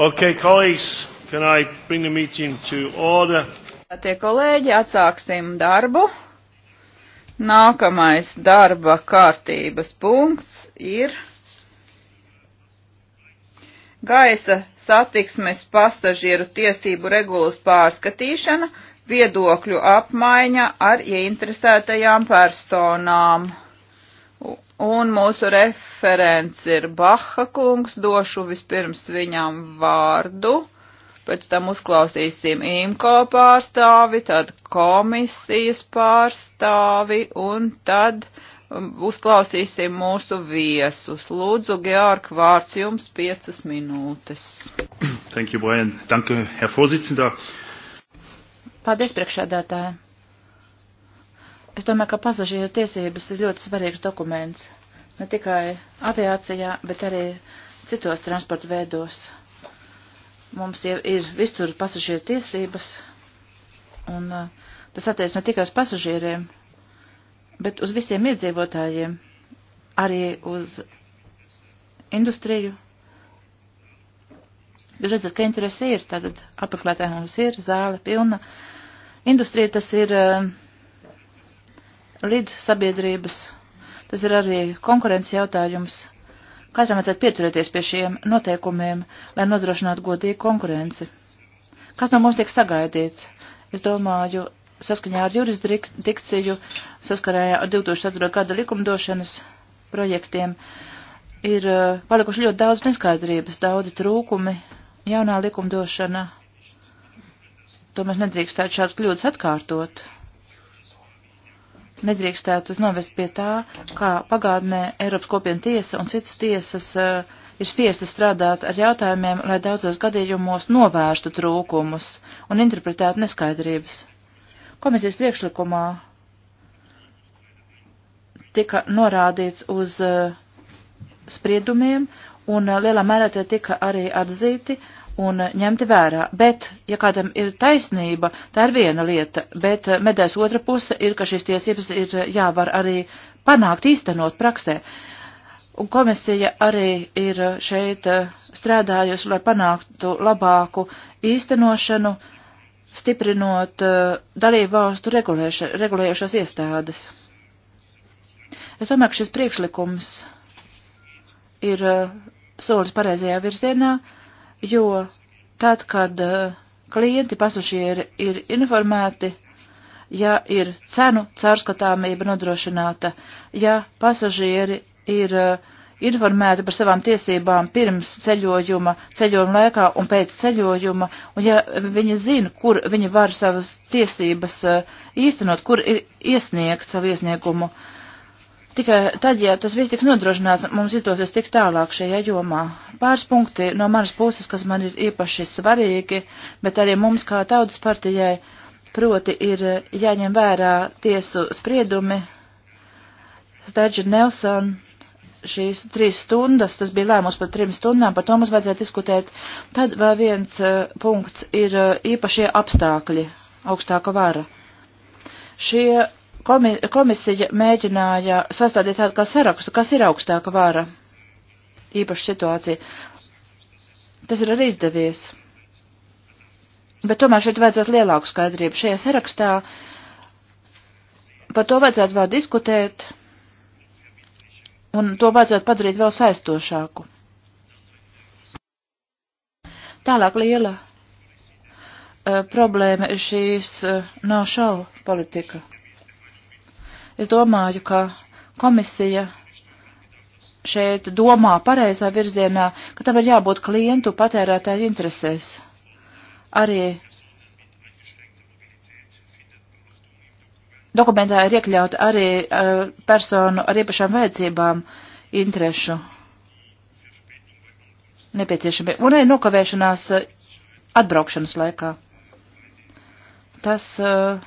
Okay, colleagues, can I bring the meeting to order? Tie kolēģi, atsāksim darbu. Nākamais darba kārtības punkts ir gaisa satiksmes pasažieru tiesību regulas pārskatīšana, viedokļu apmaiņa ar ieinteresētajām personām. Un mūsu referents ir Baha kungs, došu vispirms viņam vārdu, pēc tam uzklausīsim IMCO pārstāvi, tad komisijas pārstāvi un tad um, uzklausīsim mūsu viesus. Lūdzu, Georg, vārds jums piecas minūtes. Thank you, Brian. Danke, Herr Vorsitzender. Paldies, priekšādātāji. Es domāju, ka pasažieru tiesības ir ļoti svarīgs dokuments. Ne tikai aviācijā, bet arī citos transporta veidos. Mums jau ir visur pasažieru tiesības, un uh, tas attiec ne tikai uz pasažieriem, bet uz visiem iedzīvotājiem, arī uz industriju. Jūs redzat, ka interesi ir, tātad apmeklētājiem mums ir, zāle pilna. Industrija tas ir uh, līdz sabiedrības. Tas ir arī konkurences jautājums. Katram vajadzētu pieturēties pie šiem noteikumiem, lai nodrošinātu godīgu konkurenci. Kas no mums tiek sagaidīts? Es domāju, saskaņā ar jurisdikciju, saskarējā ar 2004. gada likumdošanas projektiem, ir uh, palikuši ļoti daudz neskaidrības, daudzi trūkumi, jaunā likumdošana. To mēs nedrīkstētu šādas kļūdas atkārtot nedrīkstētu novest pie tā, kā pagātnē Eiropas kopiena tiesa un citas tiesas uh, ir spiesti strādāt ar jautājumiem, lai daudzos gadījumos novērstu trūkumus un interpretētu neskaidrības. Komisijas priekšlikumā tika norādīts uz uh, spriedumiem, un uh, lielā mērā tie tika arī atzīti, uh, un ņemti vērā. Bet, ja kādam ir taisnība, tā ir viena lieta, bet medēs otra puse ir, ka šīs tiesības ir jāvar arī panākt īstenot praksē. Un komisija arī ir šeit eh, strādājusi, lai panāktu labāku īstenošanu, stiprinot eh, dalību valstu regulējušās iestādes. Es domāju, ka šis priekšlikums ir eh, solis pareizajā virzienā. Uh, jo tad, kad eh, klienti pasažieri ir informēti, ja ir cenu caurskatāmība nodrošināta, ja pasažieri ir eh, informēti par savām tiesībām pirms ceļojuma, ceļojuma laikā un pēc ceļojuma, un ja viņi zina, kur viņi var savas tiesības eh, īstenot, kur ir iesniegt savu iesniegumu, uh, Tikai tad, ja tas viss tiks nodrošināts, mums izdosies tik tālāk šajā jomā. Pāris punkti no manas puses, kas man ir īpaši svarīgi, bet arī mums kā tautas partijai, proti ir jāņem vērā tiesu spriedumi. Stadži Nelson, šīs trīs stundas, tas bija lēmums par trim stundām, par to mums vajadzēja diskutēt. Tad vēl viens eh, punkts ir eh, īpašie apstākļi, augstāka vara. Šie Komisija mēģināja sastādīt tādu kā sarakstu, kas ir augstāka vara īpaša situācija. Tas ir arī izdevies. Bet tomēr šeit vajadzētu lielāku skaidrību. Šajā sarakstā par to vajadzētu vēl diskutēt, un to vajadzētu padarīt vēl saistošāku. Tālāk liela uh, problēma ir šīs uh, nav šau politika. Es domāju, ka komisija šeit domā pareizā virzienā, ka tam ir jābūt klientu patērētāju interesēs. Arī dokumentā ir iekļauta arī uh, personu ar īpašām vajadzībām interešu nepieciešami un arī nokavēšanās eh, atbraukšanas laikā. Tas uh,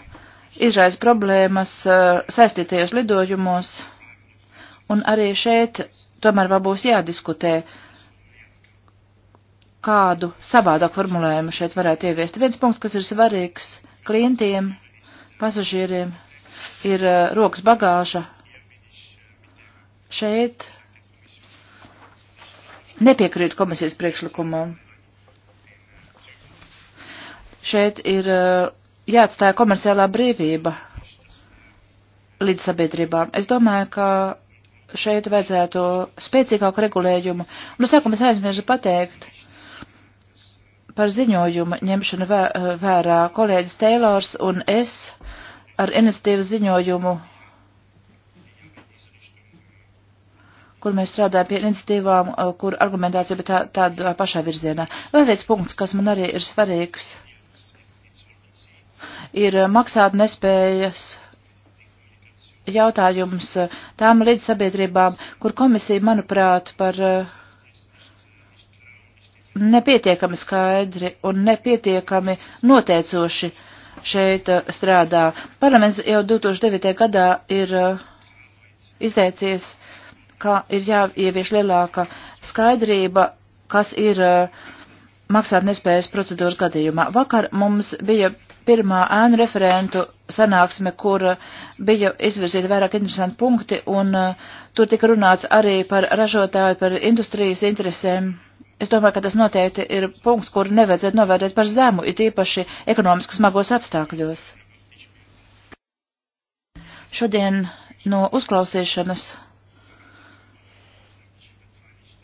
izraisa problēmas eh, saistītajos lidojumos, un arī šeit tomēr vēl būs jādiskutē, kādu savādāku formulējumu šeit varētu ieviest. Viens punkts, kas ir svarīgs klientiem, pasažieriem, ir eh, rokas bagāža. Šeit nepiekrīt komisijas priekšlikumam. Šeit ir uh, jāatstāja komerciālā brīvība līdz sabiedrībām. Es domāju, ka šeit vajadzētu spēcīgāku regulējumu. Nu, sākumā es aizmirsu pateikt par ziņojumu ņemšanu vērā kolēģis Teilors un es ar iniciatīvas ziņojumu, kur mēs strādājam pie iniciatīvām, kur argumentācija bija tā, tādā pašā virzienā. Vēl viens punkts, kas man arī ir svarīgs ir eh, maksāt nespējas jautājums eh, tām līdzsabiedrībām, kur komisija, manuprāt, par eh, nepietiekami skaidri un nepietiekami noteicoši šeit strādā. Parlaments jau 2009. gadā ir izteicies, ka ir jāievieš lielāka skaidrība, kas ir maksāt nespējas procedūras gadījumā. Vakar mums bija pirmā ēnu referentu sanāksme, kur uh, bija izvirzīti vairāk interesanti punkti, un uh, tur tika runāts arī par ražotāju, par industrijas interesēm. Es domāju, ka tas noteikti ir punkts, kur nevajadzētu novērtēt par zemu, it īpaši ekonomiski smagos apstākļos. Šodien no uzklausīšanas,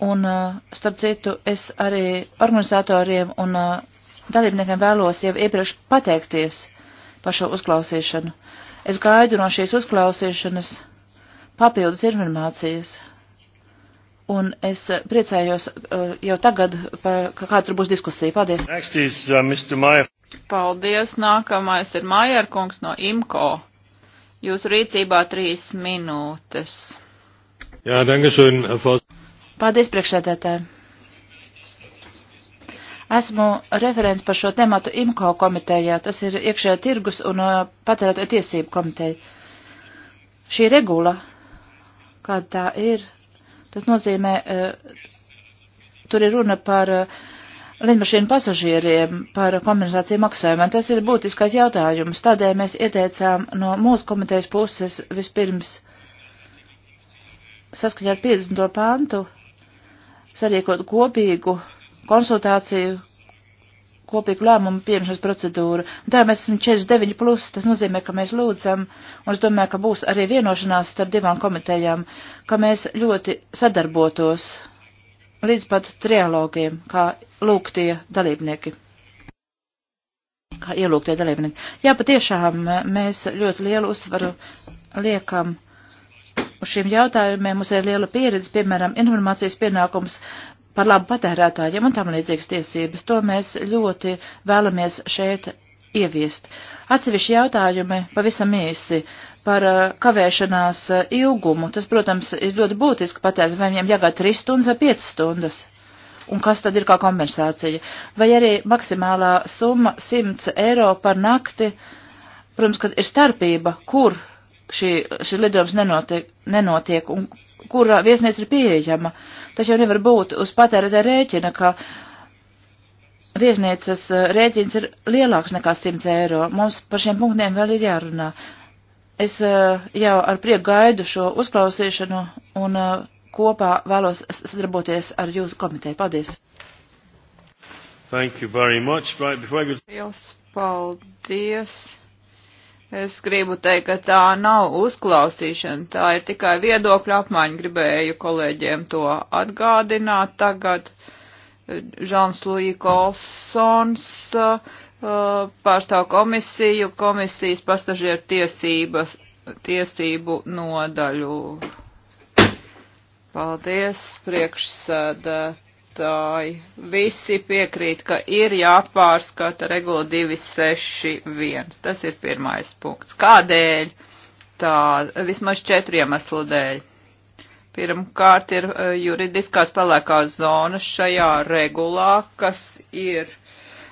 un uh, starp citu, es arī organizatoriem un uh, dalībniekiem vēlos jau iepriekš pateikties par šo uzklausīšanu. Es gaidu no šīs uzklausīšanas papildus informācijas. Un es priecājos eh, jau tagad, ka kā tur būs diskusija. Paldies. Next is, uh, Mr. Maier. Paldies. Nākamais ir Maierkungs no IMCO. Jūsu rīcībā trīs minūtes. Jā, dankeschön, Fos. Paldies, priekšsēdētāji. Esmu referents par šo tematu IMCO komitejā, tas ir iekšējā tirgus un uh, patērētāju tiesību komiteja. Šī regula, kāda tā ir, tas nozīmē, uh, tur ir runa par uh, lidmašīnu pasažieriem par kompensāciju maksājumiem. Tas ir būtiskais jautājums. Tādēļ mēs ieteicām no mūsu komitejas puses vispirms saskaņā ar 50. pāntu sarīkot kopīgu konsultāciju kopīgu lēmumu pieņemšanas procedūru. Un tā mēs esam 49 plus, tas nozīmē, ka mēs lūdzam, un es domāju, ka būs arī vienošanās starp divām komitejām, ka mēs ļoti sadarbotos līdz pat trialogiem, kā lūgtie dalībnieki. Kā ielūgtie dalībnieki. Jā, patiešām mēs ļoti lielu uzsvaru liekam uz šiem jautājumiem. Mums ir liela pieredze, piemēram, informācijas pienākums par labu patērētājiem un tam līdzīgas tiesības. To mēs ļoti vēlamies šeit ieviest. Atsevišķi jautājumi pavisam īsi par uh, kavēšanās uh, ilgumu. Tas, protams, ir ļoti būtiski patērēt, vai viņiem jāgāja 3 stundas vai 5 stundas. Un kas tad ir kā kompensācija? Vai arī maksimālā summa 100 eiro par nakti, protams, kad ir starpība, kur šī, šis lidojums nenotiek, nenotiek un kurā viesnīca ir pieejama. Tas jau nevar būt uz patērētā rēķina, ka viesnīcas eh, rēķins ir lielāks nekā 100 eiro. Mums par šiem punktiem vēl ir jārunā. Es eh, jau ar prieku gaidu šo uzklausīšanu un eh, kopā vēlos sadarboties ar jūsu komiteju. Paldies! Thank you very much. Right, before I go... Jūs paldies! Es gribu teikt, ka tā nav uzklausīšana, tā ir tikai viedokļa apmaiņa. Gribēju kolēģiem to atgādināt. Tagad Žans Lūija Kolsons uh, pārstāv komisiju, komisijas pasažieru tiesības, tiesību nodaļu. Paldies, priekšsēdēt priekšsēdētāji. Visi piekrīt, ka ir jāpārskata regula 261. Tas ir pirmais punkts. Kādēļ? Tā vismaz četru iemeslu dēļ. Pirmkārt ir eh, juridiskās pelēkās zonas šajā regulā, kas ir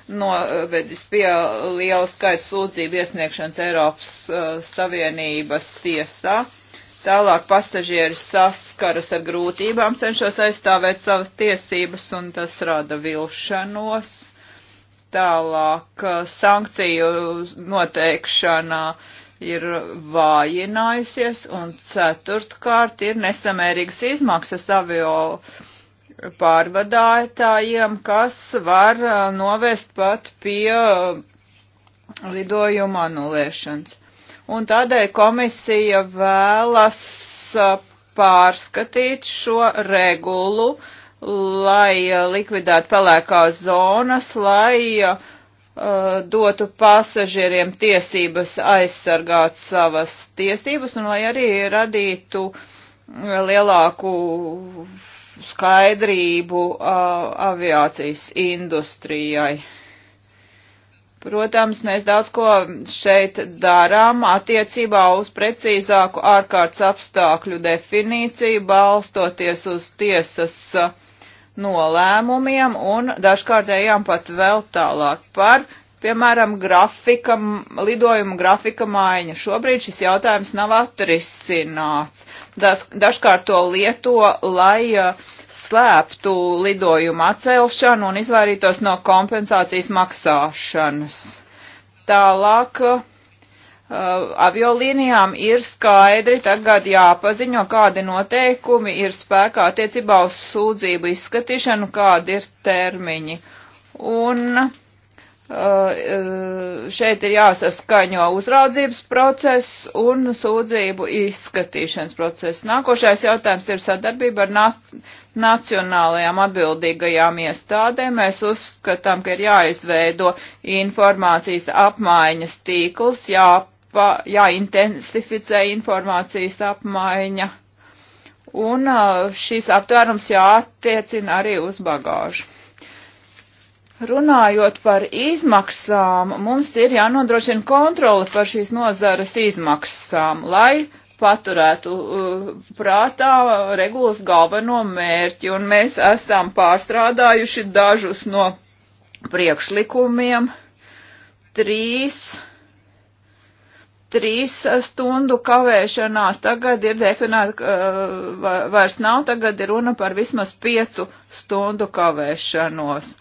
novedis pie liela skaita sūdzību iesniegšanas Eiropas uh, Savienības tiesā. Uh, Tālāk pasažieri saskaras ar grūtībām, cenšos aizstāvēt savas tiesības, un tas rada vilšanos. Tālāk eh, sankciju noteikšana ir vājinājusies, un ceturtkārt ir nesamērīgas izmaksas avio pārvadātājiem, kas var eh, novest pat pie eh, lidojuma anulēšanas un tādēļ komisija vēlas uh, pārskatīt šo regulu, lai uh, likvidētu pelēkās zonas, lai uh, dotu pasažieriem tiesības aizsargāt savas tiesības un lai arī radītu uh, lielāku skaidrību uh, aviācijas industrijai. Protams, mēs daudz ko šeit darām attiecībā uz precīzāku ārkārtas apstākļu definīciju, balstoties uz tiesas uh, nolēmumiem un dažkārt ejam pat vēl tālāk par, piemēram, grafika, lidojumu grafika maiņu. Šobrīd šis jautājums nav atrisināts. Das, dažkārt to lieto, lai uh, slēptu lidojumu atcelšanu un izvairītos no kompensācijas maksāšanas. Tālāk uh, aviolīnijām ir skaidri tagad jāpaziņo, kādi noteikumi ir spēkā attiecībā uz sūdzību izskatīšanu, kādi ir termiņi. Un uh, Uh, šeit ir jāsaskaņo uzraudzības process un sūdzību izskatīšanas process. Nākošais jautājums ir sadarbība ar nat nacionālajām atbildīgajām iestādēm. Mēs uzskatām, ka ir jāizveido informācijas apmaiņas tīkls, jāpa, jāintensificē informācijas apmaiņa un uh, šīs aptvērums jāattiecina arī uz bagāžu. Runājot par izmaksām, mums ir jānodrošina kontrole par šīs nozares izmaksām, lai paturētu uh, prātā regulas galveno mērķi, un mēs esam pārstrādājuši dažus no priekšlikumiem. Trīs, trīs stundu kavēšanās tagad ir definēta, uh, vairs nav, tagad ir runa par vismaz piecu stundu kavēšanos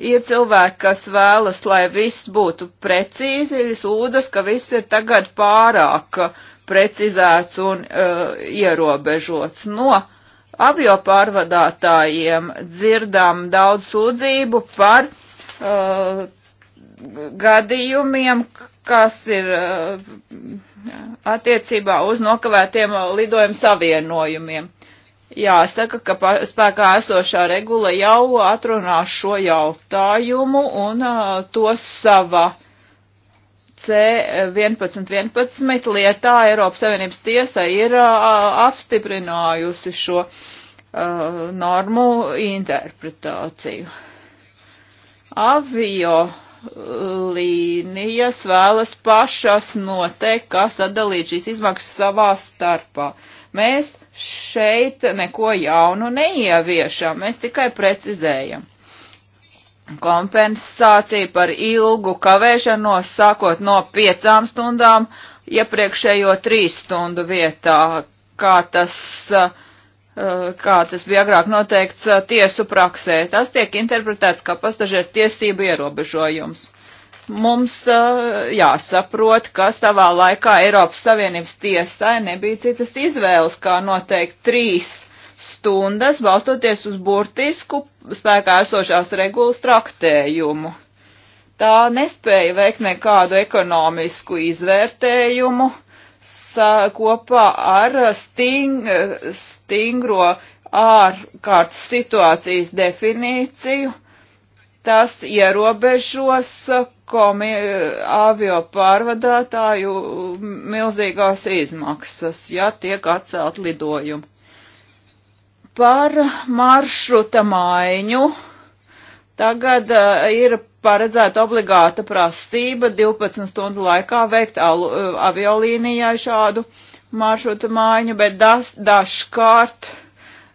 ir cilvēki, kas vēlas, lai viss būtu precīzi, sūdzas, ka viss ir tagad pārāk precizēts un uh, ierobežots. No avio pārvadātājiem dzirdām daudz sūdzību par uh, gadījumiem, kas ir uh, attiecībā uz nokavētiem lidojumu savienojumiem. Jāsaka, ka spēkā esošā regula jau atrunā šo jautājumu un uh, to sava C1111 lietā Eiropas Savienības tiesa ir uh, apstiprinājusi šo uh, normu interpretāciju. Avio līnijas vēlas pašas noteikt, kā sadalīt šīs izmaksas savā starpā. Uh, Mēs šeit neko jaunu neieviešam, mēs tikai precizējam. Kompensācija par ilgu kavēšanos sākot no piecām stundām iepriekšējo trīs stundu vietā, kā tas uh, kā tas bija agrāk noteikts eh, tiesu praksē. Tas tiek interpretēts kā pasažieru tiesību ierobežojums mums eh, jāsaprot, ka savā laikā Eiropas Savienības tiesai nebija citas izvēles, kā noteikt trīs stundas, balstoties uz burtisku spēkā esošās regulas traktējumu. Tā nespēja veikt nekādu ekonomisku izvērtējumu sa, kopā ar sting, stingro ārkārtas situācijas definīciju tas ierobežos uh, komi, uh, avio pārvadātāju uh, milzīgās izmaksas, ja tiek atcelt lidojumu. Par maršruta maiņu tagad uh, ir paredzēta obligāta prasība 12 stundu laikā veikt alu, aviolīnijai šādu maršruta maiņu, bet das, dažkārt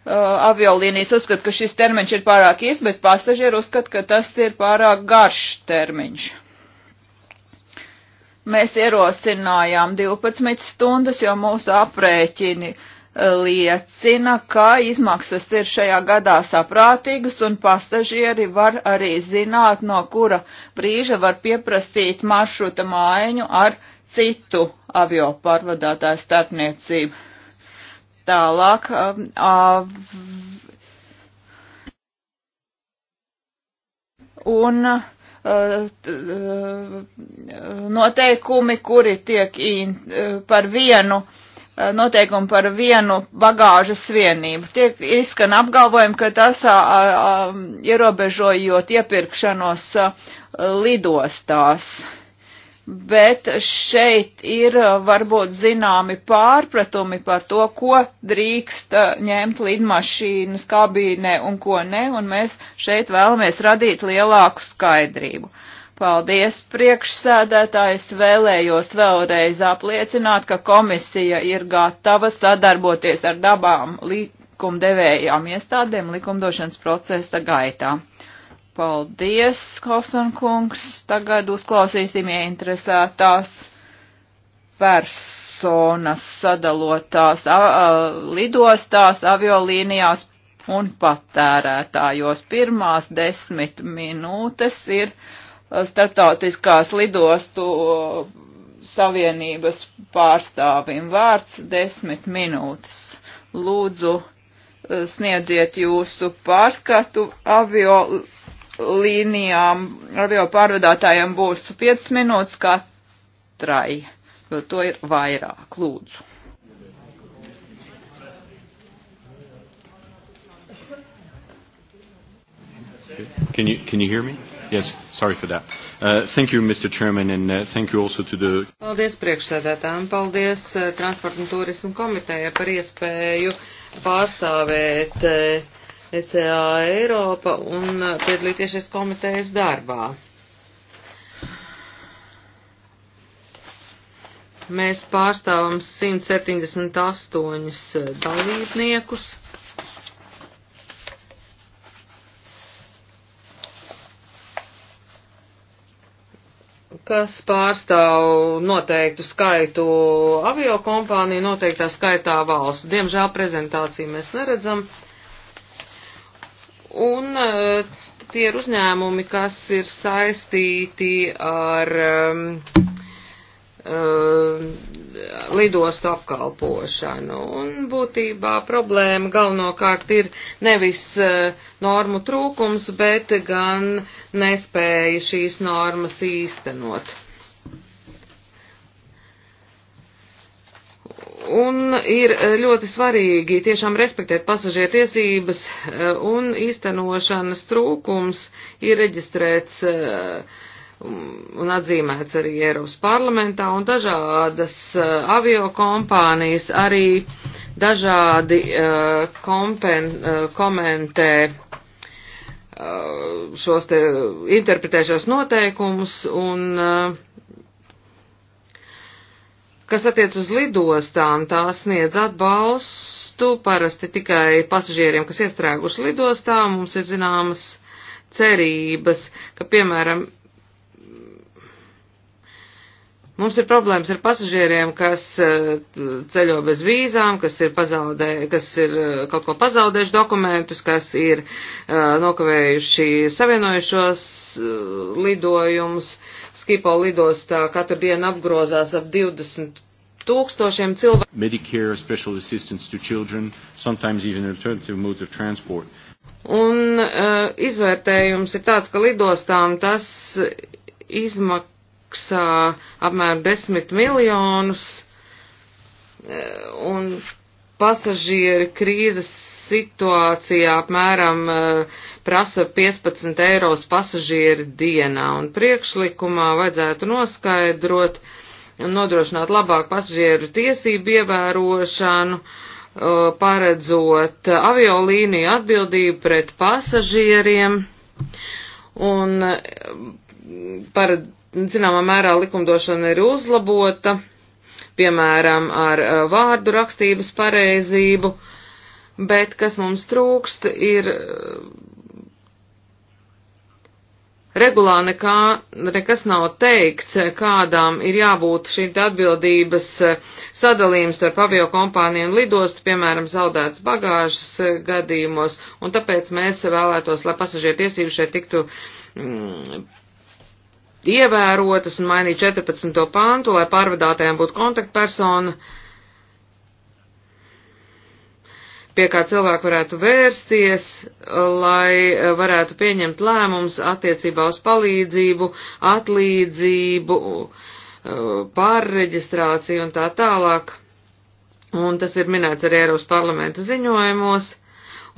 Eh, aviolīnijas uzskata, ka šis termiņš ir pārāk īs, bet pasažieru uzskata, ka tas ir pārāk garš termiņš. Mēs ierosinājām 12 stundas, jo mūsu aprēķini eh, liecina, ka izmaksas ir šajā gadā saprātīgas un pasažieri var arī zināt, no kura brīža var pieprasīt maršruta mājiņu ar citu avio pārvadātāju starpniecību Tālāk. Um, uh, un uh, noteikumi, kuri tiek in, uh, par vienu uh, noteikumi par vienu bagāžas vienību. Tiek izskan apgalvojumi, ka tas a, a, um, ierobežojot iepirkšanos a, lidostās. A, bet šeit ir uh, varbūt zināmi pārpratumi par to, ko drīkst uh, ņemt lidmašīnas kabīnē un ko ne, un mēs šeit vēlamies radīt lielāku skaidrību. Paldies, priekšsēdētājs, vēlējos vēlreiz apliecināt, ka komisija ir gatava sadarboties ar dabām likumdevējām iestādēm likumdošanas procesa gaitā. Paldies, Kosankungs. Tagad uzklausīsim ieinteresētās personas sadalotās a, a, lidostās, aviolīnijās un patērētājos. Pirmās desmit minūtes ir starptautiskās lidostu savienības pārstāvim vārds desmit minūtes. Lūdzu, sniedziet jūsu pārskatu avio līnijām avio pārvadātājiem būs 5 minūtes katrai, jo to ir vairāk, lūdzu. Can you, can you hear me? Yes, sorry for that. Uh, thank you, Mr. Chairman, and uh, thank you also to the... Paldies priekšsēdētājiem, paldies uh, Transporta un Turismu komiteja par iespēju pārstāvēt uh, ECA Eiropa un piedalīties šīs komitejas darbā. Mēs pārstāvam 178 dalībniekus. kas pārstāv noteiktu skaitu avio kompāniju, noteiktā skaitā valsts. Diemžēl prezentāciju mēs neredzam. Uh, Un uh, tie ir uzņēmumi, kas ir saistīti ar um, uh, lidostu apkalpošanu. Un būtībā problēma galvenokārt ir nevis uh, normu trūkums, bet gan nespēja šīs normas īstenot. Un ir eh, ļoti svarīgi tiešām respektēt pasažieru tiesības, eh, un īstenošanas trūkums ir reģistrēts eh, un atzīmēts arī Eiropas parlamentā, un dažādas avio kompānijas arī dažādi kompen, komentē šos te interpretēšos noteikumus, un uh, Kas attiec uz lidostām, tās sniedz atbalstu parasti tikai pasažieriem, kas iestrēguši lidostā. Mums ir zināmas cerības, ka, piemēram, Mums ir problēmas ar pasažieriem, kas eh, ceļo bez vīzām, kas ir, pazaudē, kas ir eh, kaut ko pazaudējuši dokumentus, kas ir uh, nokavējuši savienojušos uh, lidojumus. Skipo lidostā katru dienu apgrozās ap 20 tūkstošiem cilvēku. Medicare, special assistance to children, sometimes even alternative modes of transport. Un uh, izvērtējums ir tāds, ka lidostām tas izmaksā maksā apmēram 10 miljonus, e, un pasažieri krīzes situācijā apmēram e, prasa 15 eiros pasažieri dienā, un priekšlikumā vajadzētu noskaidrot un nodrošināt labāku pasažieru tiesību ievērošanu, e, paredzot aviolīniju atbildību pret pasažieriem un paredz zināmā mērā likumdošana ir uzlabota, piemēram, ar uh, vārdu rakstības pareizību, bet kas mums trūkst, ir uh, regulā nekā, nekas nav teikts, kādām ir jābūt šī atbildības uh, sadalījums starp avio kompāniju un lidostu, piemēram, zaudētas bagāžas gadījumos, un tāpēc mēs vēlētos, lai pasažieru tiesības šeit tiktu mm, ievērotas un mainīt 14. pantu, lai pārvadātājiem būtu kontaktpersona, pie kā cilvēki varētu vērsties, lai eh, varētu pieņemt lēmums attiecībā uz palīdzību, atlīdzību, eh, pārreģistrāciju un tā tālāk. Un tas ir minēts arī Eiropas parlamenta ziņojumos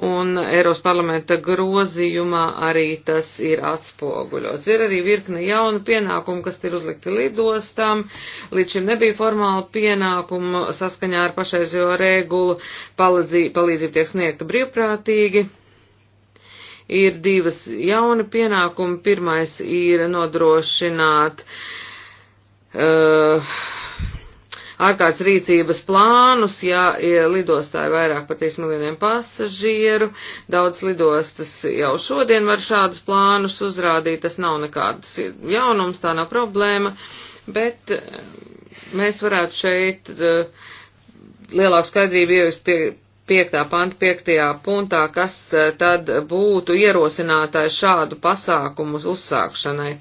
un Eiropas parlamenta grozījumā arī tas ir atspoguļots. Ir arī virkne jaunu pienākumu, kas ir uzlikti lidostām. Līdz šim nebija formāla pienākuma saskaņā ar pašreizējo regulu. Palīdzība tiek sniegta brīvprātīgi. Ir divas jauni pienākumi. Pirmais ir nodrošināt. Uh, ārkārtas rīcības plānus, ja, ja lidostā ir vairāk par 3 miljoniem pasažieru. Daudz lidostas jau šodien var šādus plānus uzrādīt, tas nav nekāds jaunums, tā nav problēma, bet eh, mēs varētu šeit eh, lielāku skaidrību ievest pie 5. panta 5. punktā, kas eh, tad būtu ierosinātājs šādu pasākumu uzsākšanai.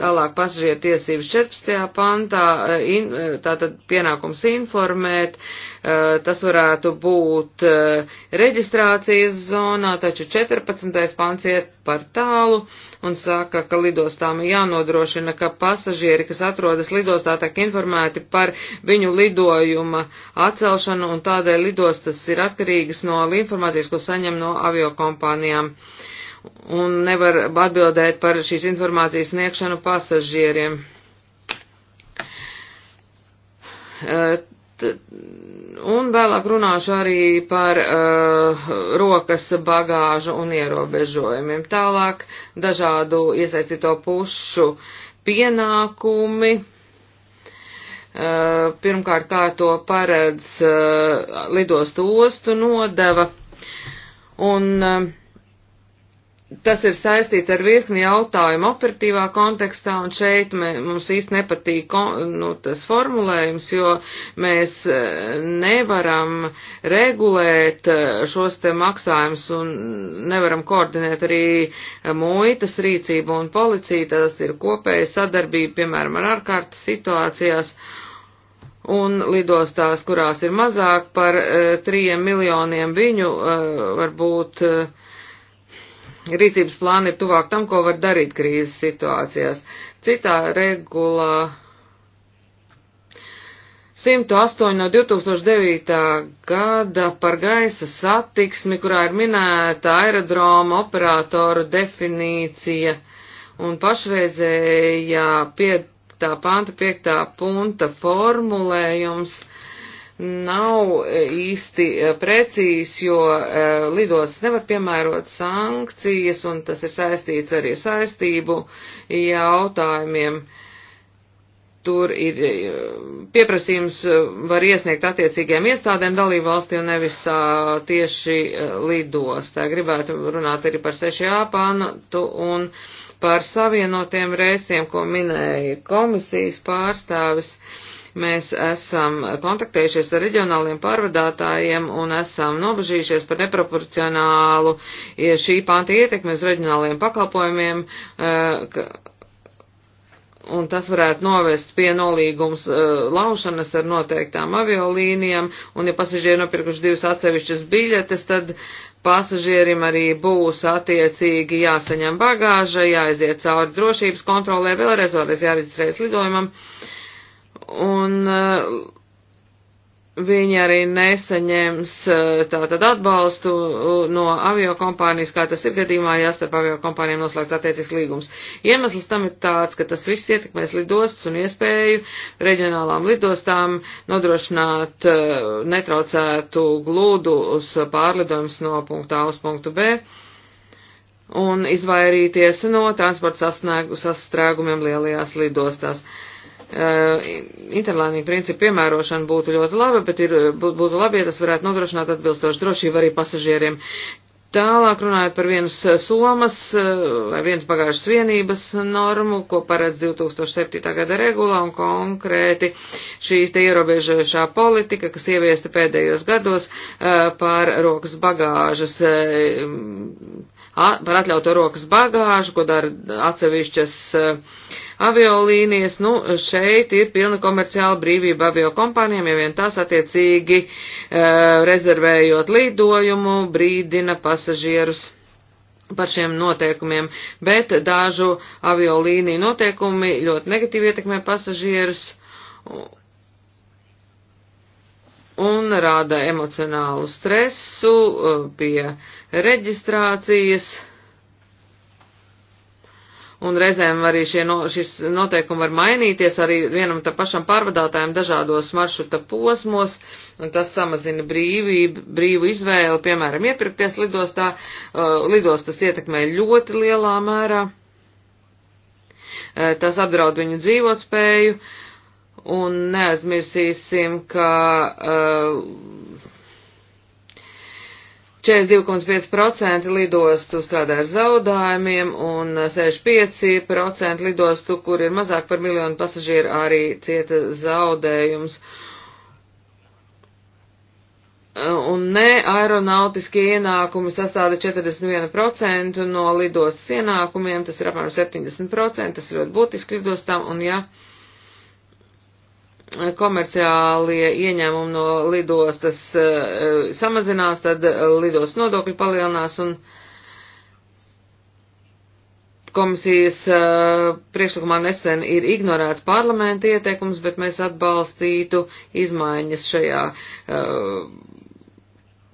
Tālāk pasažieru tiesības 14. pantā, eh, in, eh, tātad pienākums informēt, eh, tas varētu būt reģistrācijas zonā, taču 14. pants iet par tālu un saka, ka lidostām jānodrošina, ka pasažieri, kas atrodas lidostā, tiek informēti par viņu lidojuma atcelšanu un tādēļ lidostas ir atkarīgas no informācijas, ko saņem no aviokompānijām. Uh, un nevar atbildēt par šīs informācijas sniegšanu pasažieriem. E, un vēlāk runāšu arī par uh, rokas bagāžu un ierobežojumiem. Tālāk dažādu iesaistīto pušu pienākumi. Uh, pirmkārt, kā to paredz uh, lidostu ostu nodeva. Un uh, tas ir saistīts ar virkni jautājumu operatīvā kontekstā, un šeit mē, mums īsti nepatīk nu, tas formulējums, jo mēs e, nevaram regulēt e, šos te maksājumus un nevaram koordinēt arī e, muitas rīcību un policiju, tas ir kopēja sadarbība, piemēram, ar ārkārtas situācijās. Un lidostās, kurās ir mazāk par uh, 3 miljoniem viņu, uh, varbūt uh, rīcības plāni ir tuvāk tam, ko var darīt krīzes situācijās. Citā regulā 108 no 2009. gada par gaisa satiksmi, kurā ir minēta aerodroma operātoru definīcija un pašreizējā 5. panta 5. punta formulējums nav e, īsti e, precīzs, jo e, lidostas nevar piemērot sankcijas, un tas ir saistīts arī saistību jautājumiem. Tur ir pieprasījums var iesniegt attiecīgiem iestādēm dalību valstī un nevis tieši lidostā. Gribētu runāt arī par 6A pāntu un par savienotiem reisiem, ko minēja komisijas pārstāvis. Uh, Mēs esam kontaktējušies ar reģionāliem pārvadātājiem un esam nobežījušies par neproporcionālu šī panta ietekmi uz reģionāliem pakalpojumiem, eh, un tas varētu novest pie nolīgums uh, laušanas ar noteiktām aviolīnijām, un ja pasažieri nopirkuši divas atsevišķas biļetes, tad pasažierim arī būs attiecīgi jāsaņem bagāža, jāaiziet cauri drošības kontrolē, vēlreiz vēlreiz jāreģistrējas lidojumam. Uh, un uh, viņi arī nesaņems uh, tātad atbalstu uh, no aviokompānijas, kā tas ir gadījumā, ja starp aviokompānijām noslēgts attiecīgs līgums. Iemesls tam ir tāds, ka tas viss ietekmēs lidostas un iespēju reģionālām lidostām nodrošināt netraucētu glūdu uz pārlidojums no punktu A uz punktu B un izvairīties no transporta sastrēgumiem lielajās lidostās. Uh, Eh, interlēmīgi principu piemērošana būtu ļoti laba, bet ir, eh, būtu labi, ja tas varētu nodrošināt atbilstošu drošību arī pasažieriem. Tālāk runājot par vienas eh, somas vai vienas pagājušas vienības normu, ko paredz 2007. gada regulā un konkrēti šīs te ierobežojušā politika, kas ieviesta pēdējos gados par rokas bagāžas, par atļautu rokas bagāžu, ko dara atsevišķas aviolīnijas, nu, šeit ir pilna komerciāla brīvība avio kompānijām, ja vien tās attiecīgi eh, rezervējot lidojumu, brīdina pasažierus par šiem noteikumiem, bet dažu aviolīniju noteikumi ļoti negatīvi ietekmē pasažierus un rāda emocionālu stresu eh, pie reģistrācijas un reizēm arī šie no, šis noteikumi var mainīties arī vienam tā pašam pārvadātājam dažādos maršruta posmos, un tas samazina brīvību, brīvu izvēli, piemēram, iepirkties lidostā, uh, lidostas ietekmē ļoti lielā mērā, uh, tas apdraud viņu dzīvotspēju, un neaizmirsīsim, ka uh, 42,5% lidostu strādā ar zaudājumiem un 65% lidostu, kur ir mazāk par miljonu pasažieru, arī cieta zaudējums. Un ne aeronautiskie ienākumi sastāda 41% no lidostas ienākumiem, tas ir apmēram 70%, tas ir ļoti būtiski lidostām, un ja. Uh, komerciālie ieņēmumi no lidostas eh, samazinās, tad eh, lidos nodokļi palielinās un komisijas eh, priekšlikumā nesen ir ignorēts parlamenta ieteikums, bet mēs atbalstītu izmaiņas šajā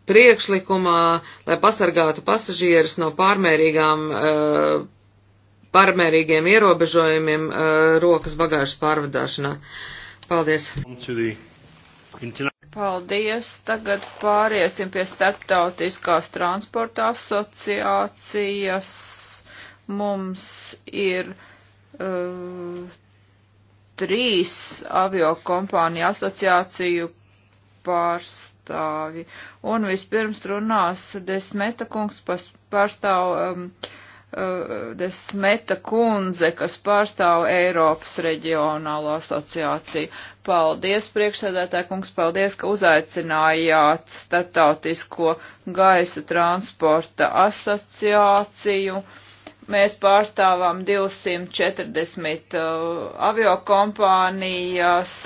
priekšlikumā, lai pasargātu pasažierus no pārmērīgām, pārmērīgiem ierobežojumiem rokas bagāžas pārvadāšanā. Paldies. Paldies. Tagad pāriesim pie starptautiskās transporta asociācijas. Mums ir uh, trīs avio kompāniju asociāciju pārstāvi. Un vispirms runās Desmeta kungs pārstāv um, uh, Eh, Desmeta kundze, kas pārstāv Eiropas reģionālo asociāciju. Paldies, priekšsēdētāji kungs, paldies, ka uzaicinājāt Startautisko gaisa transporta asociāciju. Mēs pārstāvām 240 uh, aviokompānijas,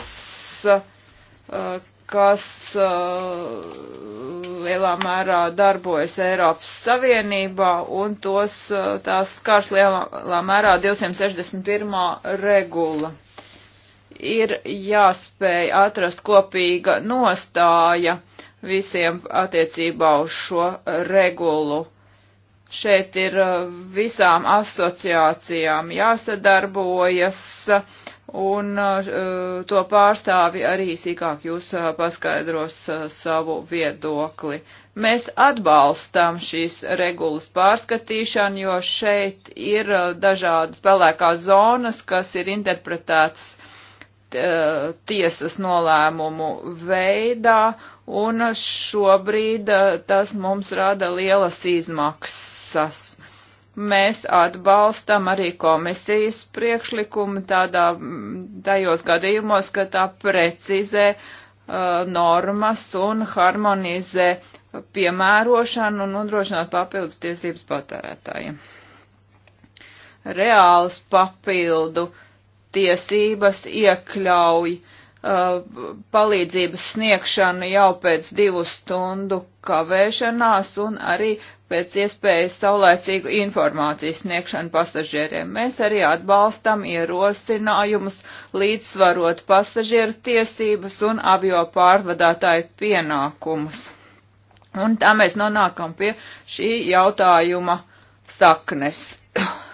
uh, kas uh, lielā mērā darbojas Eiropas Savienībā un tos eh, tās skars lielā, lielā mērā 261. regula. Ir jāspēj atrast kopīga nostāja visiem attiecībā uz šo regulu. Šeit ir eh, visām asociācijām jāsadarbojas un uh, uh, to pārstāvi arī sīkāk jūs uh, paskaidros uh, savu viedokli. Mēs atbalstam šīs regulas pārskatīšanu, jo šeit ir uh, dažādas pelēkās zonas, kas ir interpretētas uh, tiesas nolēmumu veidā, un šobrīd tas mums rada lielas izmaksas mēs atbalstam arī komisijas priekšlikumu tādā, tajos gadījumos, ka tā precizē uh, normas un harmonizē piemērošanu un nodrošināt papildus tiesības patērētājiem. Reāls papildu tiesības iekļauj uh, palīdzības sniegšanu jau pēc divu stundu kavēšanās un arī pēc iespējas saulēcīgu informācijas sniegšanu pasažieriem. Mēs arī atbalstam ierosinājumus līdzsvarot pasažieru tiesības un avio pārvadātāju pienākumus. Un tā mēs nonākam pie šī jautājuma saknes.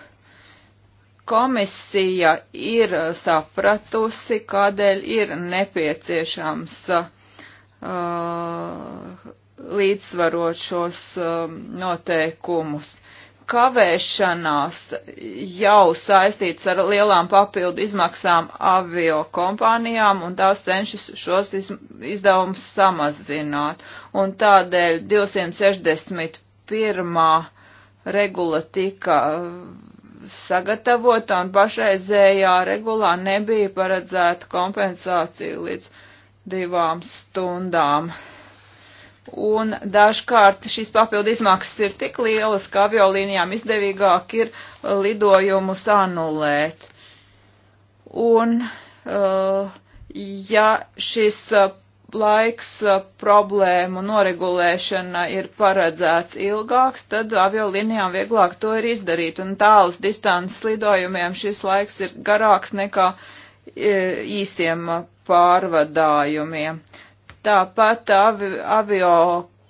Komisija ir sapratusi, kādēļ ir nepieciešams uh, līdzsvarot šos uh, noteikumus. Kavēšanās jau saistīts ar lielām papildu izmaksām avio kompānijām, un tās cenšas šos iz, izdevumus samazināt. Un tādēļ 261. regula tika uh, sagatavota un pašreizējā regulā nebija paredzēta kompensācija līdz divām stundām. Un dažkārt šīs papildu izmaksas ir tik lielas, ka aviolīnijām izdevīgāk ir lidojumus anulēt. Un, uh, ja šis uh, laiks problēmu noregulēšana ir paredzēts ilgāks, tad aviolinijām vieglāk to ir izdarīt, un tālas distances lidojumiem šis laiks ir garāks nekā īsiem pārvadājumiem. Tāpat avi, avio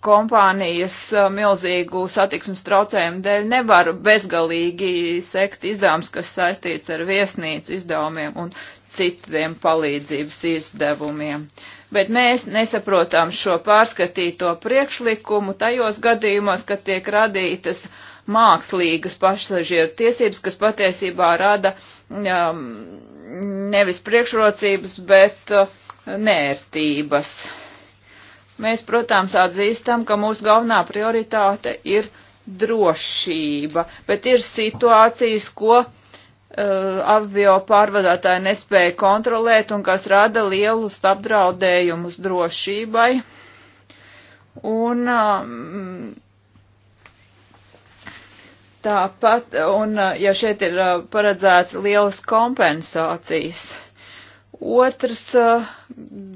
kompānijas milzīgu satiksmes traucējumu dēļ nevar bezgalīgi sekt izdevums, kas saistīts ar viesnīcu izdevumiem un citiem palīdzības izdevumiem. Uh, bet mēs nesaprotam šo pārskatīto priekšlikumu tajos gadījumos, kad tiek radītas mākslīgas pasažieru tiesības, kas patiesībā rada um, nevis priekšrocības, bet uh, nērtības. Mēs, protams, atzīstam, ka mūsu galvenā prioritāte ir drošība, bet ir situācijas, ko uh, Eh, avio pārvadātāji nespēja kontrolēt un kas rada lielus apdraudējumus drošībai. Un eh, tāpat, un eh, ja šeit ir paredzēts lielas kompensācijas. Otrs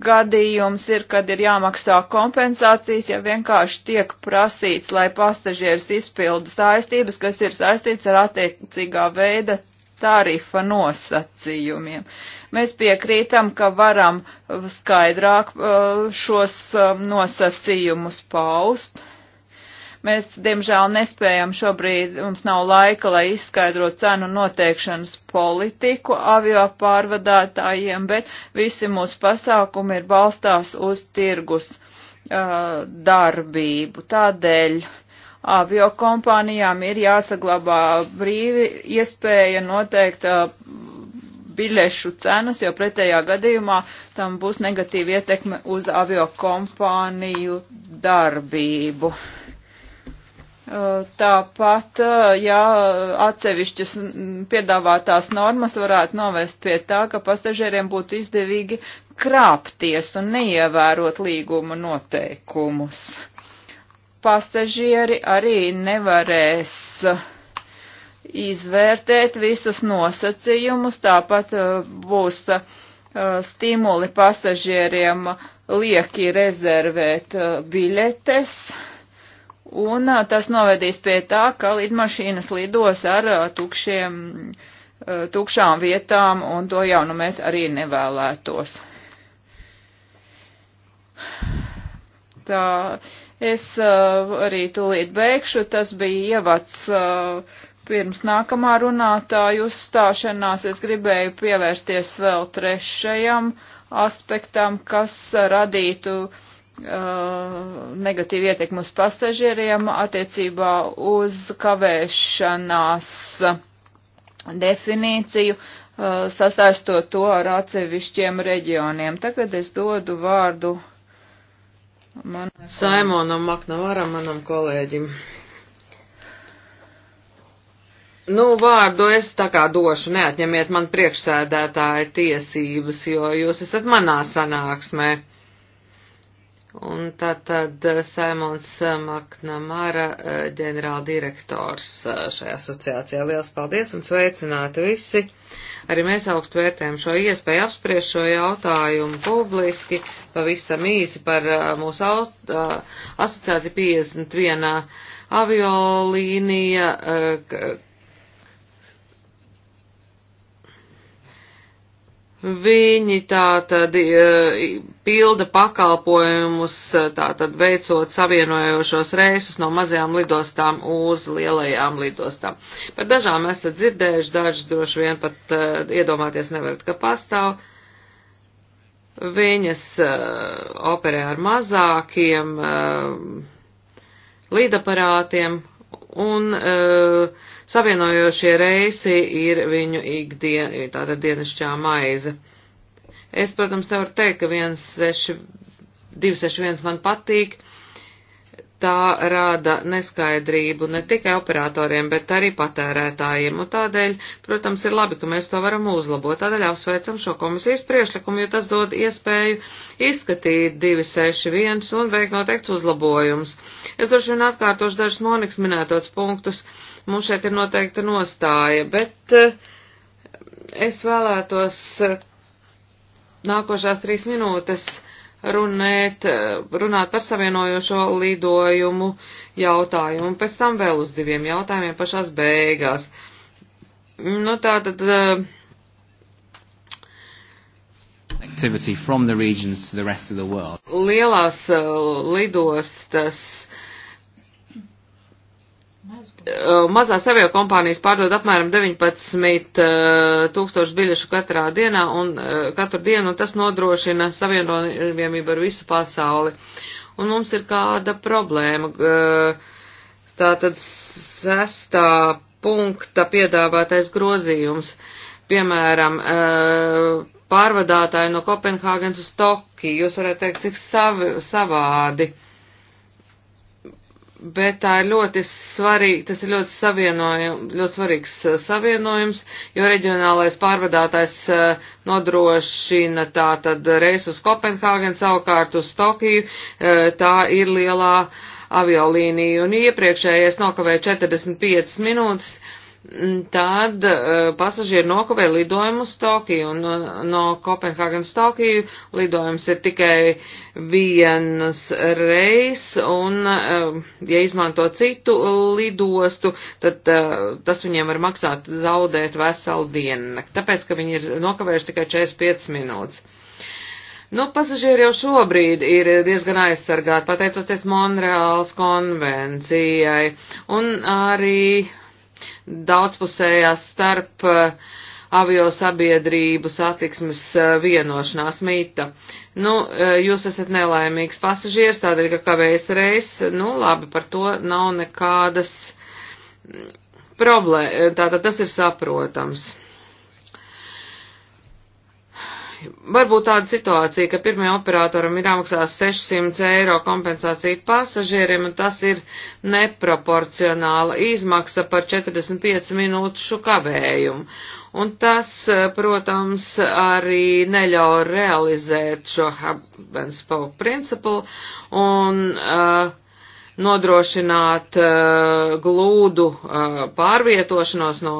gadījums ir, kad ir jāmaksā kompensācijas, ja vienkārši tiek prasīts, lai pasažieris izpilda saistības, kas ir saistīts ar attiecīgā veida tarifa nosacījumiem. Mēs piekrītam, ka varam skaidrāk uh, šos um, nosacījumus paust. Mēs, diemžēl, nespējam šobrīd, mums nav laika, lai izskaidrotu cenu noteikšanas politiku avio pārvadātājiem, bet visi mūsu pasākumi ir balstās uz tirgus uh, darbību. Tādēļ uh, avio kompānijām ir jāsaglabā brīvi iespēja noteikt uh, biļešu cenas, jo pretējā gadījumā tam būs negatīva ietekme uz avio kompāniju darbību. Uh, tāpat, uh, ja atsevišķas piedāvātās normas varētu novest pie tā, ka pasažieriem būtu izdevīgi krāpties un neievērot līguma noteikumus. Uh, pasažieri arī nevarēs uh, izvērtēt visus nosacījumus, tāpat uh, būs uh, stimuli pasažieriem lieki rezervēt biļetes, un tas novedīs pie tā, ka lidmašīnas lidos ar tukšiem, tukšām vietām, un to jau nu mēs arī nevēlētos. Tā, uh, Es uh, arī tūlīt beigšu, tas bija ievads. Uh, Pirms nākamā runātāja uzstāšanās es gribēju pievērsties vēl trešajam aspektam, kas radītu uh, negatīvu ietekmu uz pasažieriem attiecībā uz kavēšanās definīciju, uh, sasaistot to ar atsevišķiem reģioniem. Tagad es dodu vārdu Man... Saimonam Maknavaram, manam kolēģim. Nu, vārdu es tā kā došu, neatņemiet man priekšsēdētāja tiesības, jo jūs esat manā sanāksmē. Un tātad eh, Saimons eh, Maknamara, eh, ģenerāldirektors šajā asociācijā. Liels paldies un sveicināti visi! Arī mēs augstu vērtējam šo iespēju apspriest šo jautājumu publiski, pavisam īsi par mūsu asociāciju 51 aviolīnija Viņi tā tad eh, pilda pakalpojumus, eh, tā tad veicot savienojošos reisus no mazajām lidostām uz lielajām lidostām. Par dažām esat dzirdējuši, dažas droši vien pat uh, iedomāties nevarat, ka pastāv. Viņas uh, operē ar mazākiem uh, lidaparātiem un uh, Savienojošie reisi ir viņu ikdien, tāda dienasčā maize. Es, protams, te varu teikt, ka 261 man patīk. Tā rāda neskaidrību ne tikai operatoriem, bet arī patērētājiem, un tādēļ, protams, ir labi, ka mēs to varam uzlabot. Tādēļ apsveicam šo komisijas priešlikumu, jo tas dod iespēju izskatīt 261 un veikt noteikts uzlabojums. Es droši vien atkārtošu dažus Monikas minētos punktus. Uh, Mums šeit ir noteikta nostāja, bet eh, es vēlētos eh, nākošās trīs minūtes runēt, eh, runāt par savienojošo lidojumu jautājumu, un pēc tam vēl uz diviem jautājumiem pašās beigās. Nu tā tad. Activity from the regions to the rest of the world. Lielās lidostas Uh, mazās aviokompānijas pārdod apmēram 19 uh, tūkstošu biļešu katrā dienā un uh, katru dienu, un tas nodrošina savienojumību ar visu pasauli. Un mums ir kāda problēma. Uh, Tātad sestā punkta piedāvātais grozījums, piemēram, uh, pārvadātāji no Kopenhāgens uz Tokiju, jūs varētu teikt, cik savi, savādi. Uh, bet tā ir ļoti svarīga, tas ir ļoti, ļoti svarīgs eh, savienojums, jo reģionālais pārvadātājs eh, nodrošina tā tad reisu uz Kopenhāgen, savukārt uz Tokiju, eh, tā ir lielā aviolīnija, un iepriekšējais nokavēja 45 minūtes, Mm, tad uh, pasažieri nokavē lidojumu uz Tokiju, un no, eh, no Kopenhāgenes Tokiju lidojums ir tikai vienas reis, un, uh, ja izmanto citu lidostu, tad uh, tas viņiem var maksāt zaudēt veselu dienu, tāpēc, ka viņi ir nokavējuši tikai 45 minūtes. Nu, pasažieri jau šobrīd ir diezgan aizsargāti, pateicoties Monreāls konvencijai, un arī uh, daudzpusējās starp eh, avio sabiedrību satiksmes eh, vienošanās mīta. Nu, eh, jūs esat nelaimīgs pasažieris, tādēļ, ka kavējas reizes, nu, labi, par to nav nekādas mm, problēmas, tātad tas ir saprotams varbūt tāda situācija, ka pirmajam operatoram ir jāmaksā 600 eiro kompensācija pasažieriem, un tas ir neproporcionāla izmaksa par 45 minūšu kavējumu. Un tas, protams, arī neļauj realizēt šo hub and spoke principu, un uh, nodrošināt uh, glūdu uh, pārvietošanos no,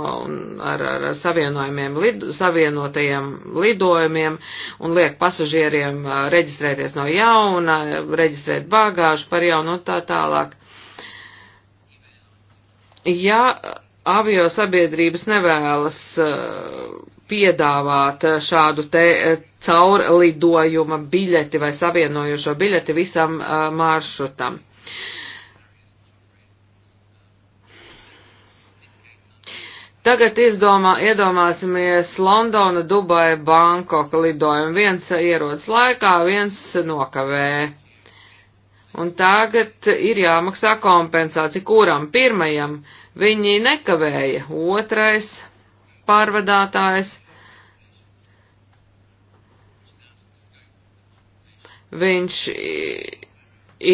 ar, ar savienojumiem, lid, savienotajiem lidojumiem un liek pasažieriem uh, reģistrēties no jauna, reģistrēt bagāžu par jaunu un tā tālāk. Ja avio sabiedrības nevēlas uh, piedāvāt uh, šādu te uh, caurlidojuma biļeti vai savienojošo biļeti visam maršrutam. Tagad izdomā, iedomāsimies Londona, Dubai, Bankoka lidojumu. Viens ierodas laikā, viens nokavē. Un tagad ir jāmaksā kompensācija, kuram pirmajam viņi nekavēja, otrais pārvadātājs. Viņš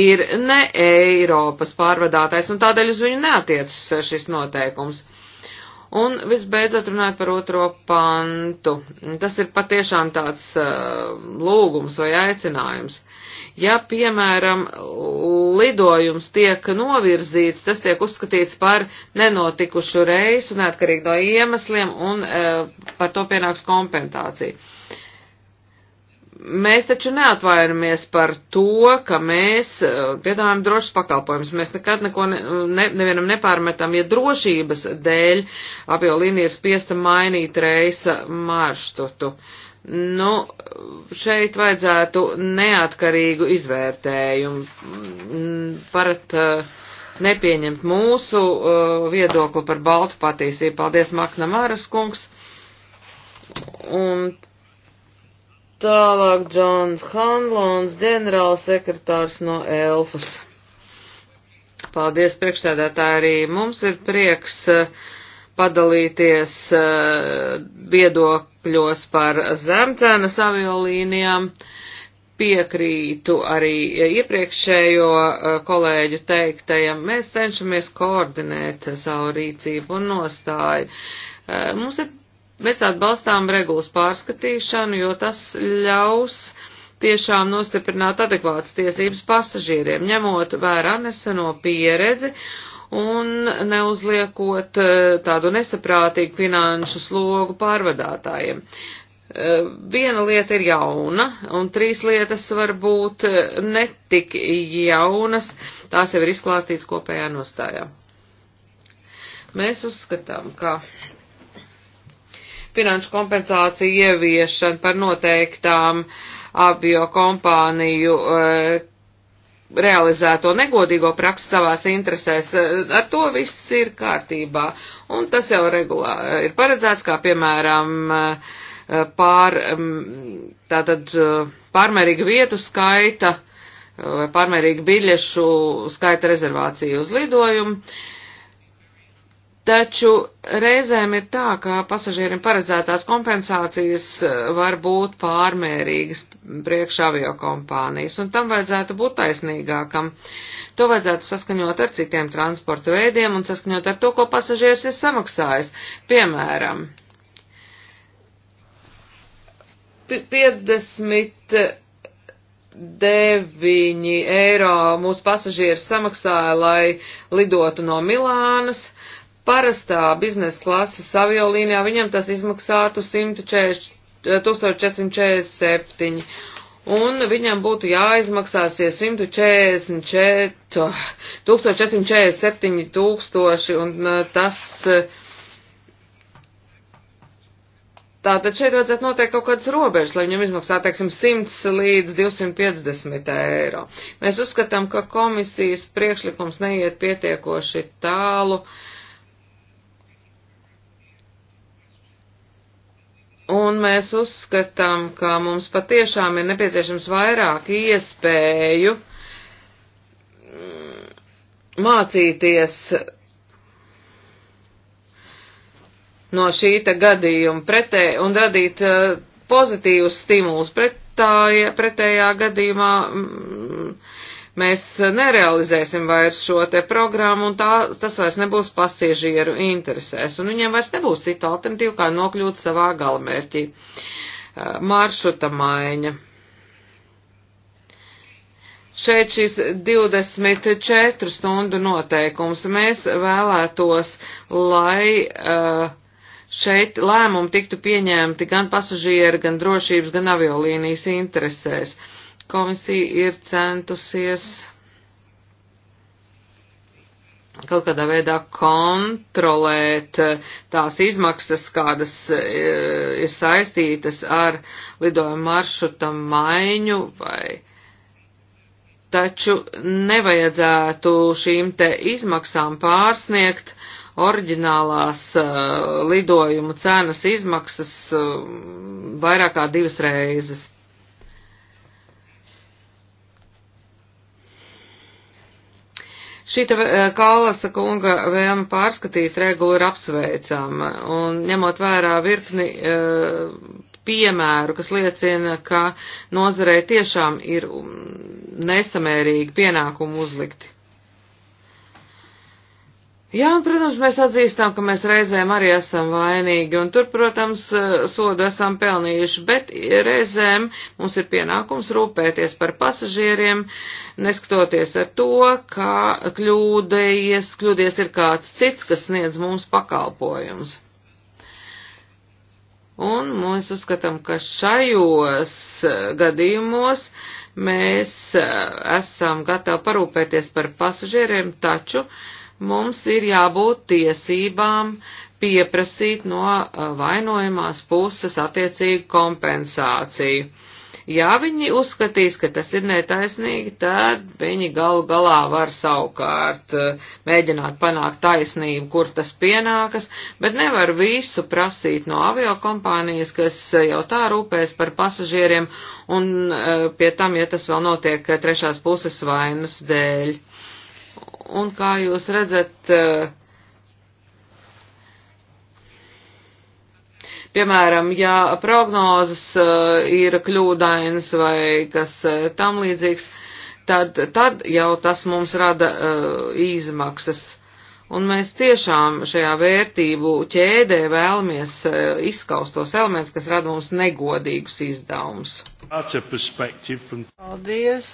ir ne Eiropas pārvadātājs, un tādēļ uz viņu neatiecas šis noteikums. Un visbeidzot runāt par otro pantu. Tas ir patiešām tāds uh, lūgums vai aicinājums. Ja, piemēram, lidojums tiek novirzīts, tas tiek uzskatīts par nenotikušu reisu, neatkarīgi no iemesliem, un uh, par to pienāks kompensācija. Mēs taču neatvainamies par to, ka mēs eh, piedāvājam drošas pakalpojumus. Mēs nekad neko ne, ne, nevienam nepārmetam, ja drošības dēļ aviolīnija ir spiesta mainīt reisa maršrutu. Nu, šeit vajadzētu neatkarīgu izvērtējumu. Parat mm, uh, eh, nepieņemt mūsu uh, viedokli par baltu patiesību. Paldies, Maknamāras kungs. Un Tālāk Džons Hanlons, ģenerālsekretārs no Elfas. Paldies priekšsēdētāji arī. Mums ir prieks eh, padalīties eh, viedokļos par zemcenas aviolīnijām. Piekrītu arī iepriekšējo eh, kolēģu teiktajam. Mēs cenšamies koordinēt savu rīcību un nostāju. Mums ir Mēs atbalstām regulas pārskatīšanu, jo tas ļaus tiešām nostiprināt adekvātas tiesības pasažieriem, ņemot vērā neseno pieredzi un neuzliekot eh, tādu nesaprātīgu finanšu slogu pārvadātājiem. Eh, viena lieta ir jauna, un trīs lietas var būt eh, netik jaunas, tās jau ir izklāstīts kopējā nostājā. Mēs uzskatām, ka finanšu kompensāciju ieviešanu par noteiktām avio kompāniju eh, realizēto negodīgo praksi savās interesēs. Eh, ar to viss ir kārtībā. Un tas jau regulā eh, ir paredzēts, kā piemēram pār, mm, tātad, pārmērīga vietu skaita vai pārmērīga biļešu skaita rezervācija uz lidojumu Taču reizēm ir tā, ka pasažierim paredzētās kompensācijas eh, var būt pārmērīgas priekš avio kompānijas, un tam vajadzētu būt taisnīgākam. To vajadzētu saskaņot ar citiem transporta veidiem un saskaņot ar to, ko pasažieris ir samaksājis. Piemēram, 59 eiro mūsu pasažieri samaksāja, lai lidotu no Milānas parastā biznesa klases aviolīnijā viņam tas izmaksātu 140, 1447 un viņam būtu jāizmaksāsie 144, 1447 tūkstoši, un uh, tas, uh, tātad šeit vajadzētu noteikt kaut kādas robežas, lai viņam izmaksā, teiksim, 100 līdz 250 eiro. Mēs uzskatām, ka komisijas priekšlikums neiet pietiekoši tālu, uh, Un mēs uzskatām, ka mums patiešām ir nepieciešams vairāk iespēju mm, mācīties no šī te gadījuma pretē un radīt eh, pozitīvus stimulus. Pretējā, pretējā gadījumā mm, mēs nerealizēsim vairs šo te programmu, un tā, tas vairs nebūs pasiežieru interesēs, un viņiem vairs nebūs cita alternatīva, kā nokļūt savā galamērķī. Eh, maršruta maiņa. Šeit šis 24 stundu noteikums. Mēs vēlētos, lai uh, šeit lēmumi tiktu pieņemti gan pasažieru, gan drošības, gan aviolīnijas interesēs. Uh, Komisija ir centusies kaut kādā veidā kontrolēt eh, tās izmaksas, kādas eh, ir saistītas ar lidojumu maršruta maiņu vai. Taču nevajadzētu šīm te izmaksām pārsniegt oriģinālās eh, lidojumu cenas izmaksas vairāk kā divas reizes. Šīta eh, Kālasa kunga vēlme pārskatīt regulu ir apsveicama, un ņemot vērā virkni e, piemēru, kas liecina, ka nozarei tiešām ir mm, nesamērīgi pienākumu uzlikti. Jā, un, protams, mēs atzīstam, ka mēs reizēm arī esam vainīgi, un tur, protams, eh, sodu esam pelnījuši, bet reizēm mums ir pienākums rūpēties par pasažieriem, neskatoties ar to, ka kļūdies, kļūdies ir kāds cits, kas sniedz mums pakalpojums. Un mēs uzskatām, ka šajos eh, gadījumos mēs eh, esam gatavi parūpēties par pasažieriem, taču uh, mums ir jābūt tiesībām pieprasīt no vainojumās puses attiecīgu kompensāciju. Ja viņi uzskatīs, ka tas ir netaisnīgi, tad viņi galu galā var savukārt mēģināt panākt taisnību, kur tas pienākas, bet nevar visu prasīt no aviokompānijas, kas jau tā rūpēs par pasažieriem, un pie tam, ja tas vēl notiek trešās puses vainas dēļ. Uh, Un kā jūs redzat, eh, piemēram, ja prognozes eh, ir kļūdainas vai kas eh, tam līdzīgs, tad, tad jau tas mums rada izmaksas. Un mēs tiešām šajā vērtību ķēdē vēlamies izskaust tos elements, kas rada mums negodīgus izdevumus. Paldies!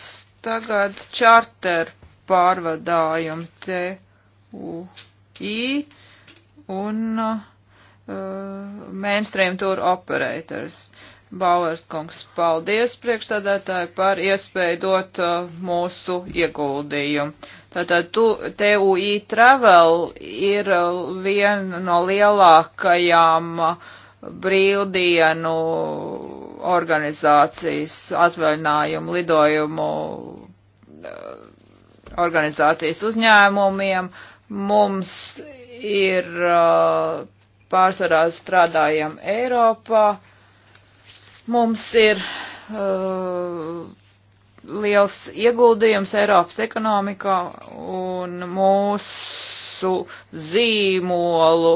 Tagad čārter pārvadājumi TUI un uh, mainstream tour operators. Bauers kungs, paldies priekšstādātāji par iespēju dot uh, mūsu ieguldījumu. Tātad tu, TUI Travel ir uh, viena no lielākajām uh, brīvdienu organizācijas atvaļinājumu lidojumu uh, organizācijas uzņēmumiem. Mums ir uh, pārsvarā strādājam Eiropā. Mums ir uh, liels ieguldījums Eiropas ekonomikā un mūsu zīmolu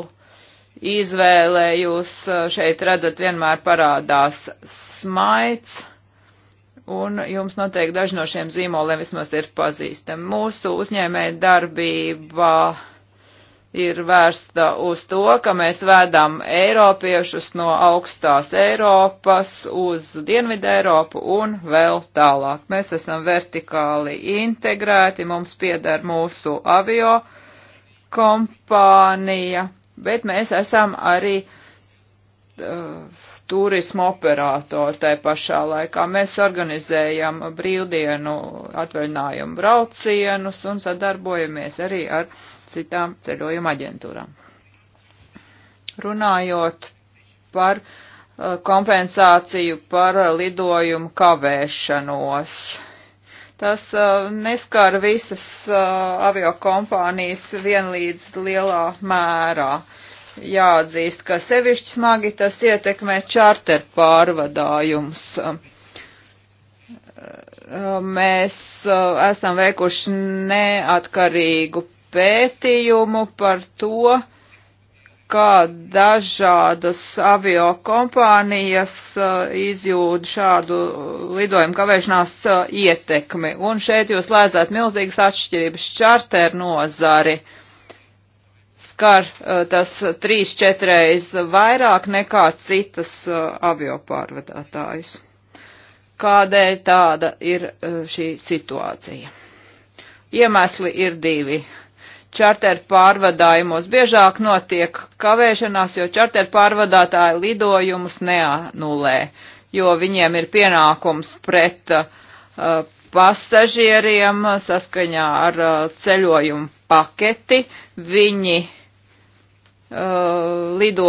izvēlē jūs uh, šeit redzat vienmēr parādās smaids un jums noteikti daži no šiem zīmoliem vismaz ir pazīstami. Mūsu uzņēmēja darbība ir vērsta uz to, ka mēs vedam Eiropiešus no augstās Eiropas uz Dienvidu Eiropu un vēl tālāk. Mēs esam vertikāli integrēti, mums pieder mūsu avio kompānija, bet mēs esam arī uh, turismu operātori tai pašā laikā. Mēs organizējam brīvdienu atvaļinājumu braucienus un sadarbojamies arī ar citām ceļojuma aģentūrām. Runājot par uh, kompensāciju par uh, lidojumu kavēšanos. Tas uh, neskar visas uh, aviokompānijas vienlīdz lielā mērā. Uh, jāatzīst, ka sevišķi smagi tas ietekmē čārter pārvadājums. Mēs uh, esam veikuši neatkarīgu pētījumu par to, kā dažādas avio kompānijas uh, izjūd šādu lidojumu kavēšanās uh, ietekmi. Un šeit jūs lēdzāt milzīgas atšķirības čārter nozari. Uh, skar eh, tas trīs, četreiz vairāk nekā citas eh, aviopārvadātājus. Kādēļ tāda ir eh, šī situācija? Iemesli ir divi. Čarter pārvadājumos biežāk notiek kavēšanās, jo čarter pārvadātāji lidojumus neanulē, jo viņiem ir pienākums pret uh, pasažieriem saskaņā ar uh, ceļojumu paketi. Viņi uh, lido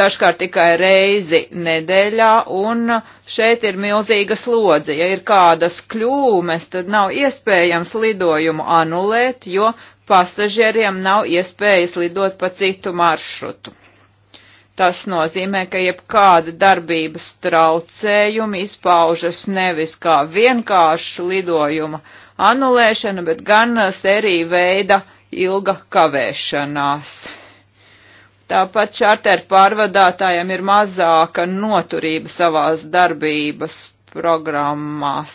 dažkārt tikai reizi nedēļā, un šeit ir milzīga slodze. Ja ir kādas kļūmes, tad nav iespējams lidojumu anulēt, jo pasažieriem nav iespējas lidot pa citu maršrutu. Tas nozīmē, ka jebkāda darbības traucējumi izpaužas nevis kā vienkārša lidojuma anulēšana, bet gan sērija veida uh, ilga kavēšanās. Tāpat čārter pārvadātājiem ir mazāka noturība savās darbības programmās.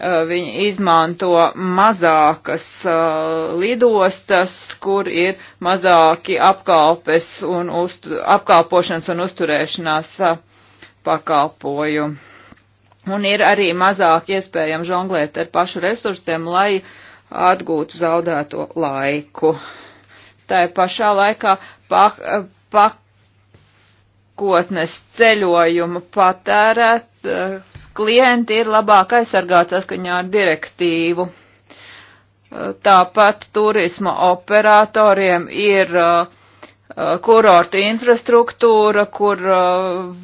Uh, viņi izmanto mazākas uh, lidostas, kur ir mazāki apkalpes un uztu, apkalpošanas un uzturēšanās uh, pakalpojumi. Un ir arī mazāk iespējams žonglēt ar pašu resursiem, lai uh, atgūtu zaudēto laiku. Tā pašā laikā pak, pakotnes ceļojumu patērēt klienti ir labāk aizsargāti saskaņā ar direktīvu. Tāpat turisma operatoriem ir uh, Uh, kurortu infrastruktūra, kur uh,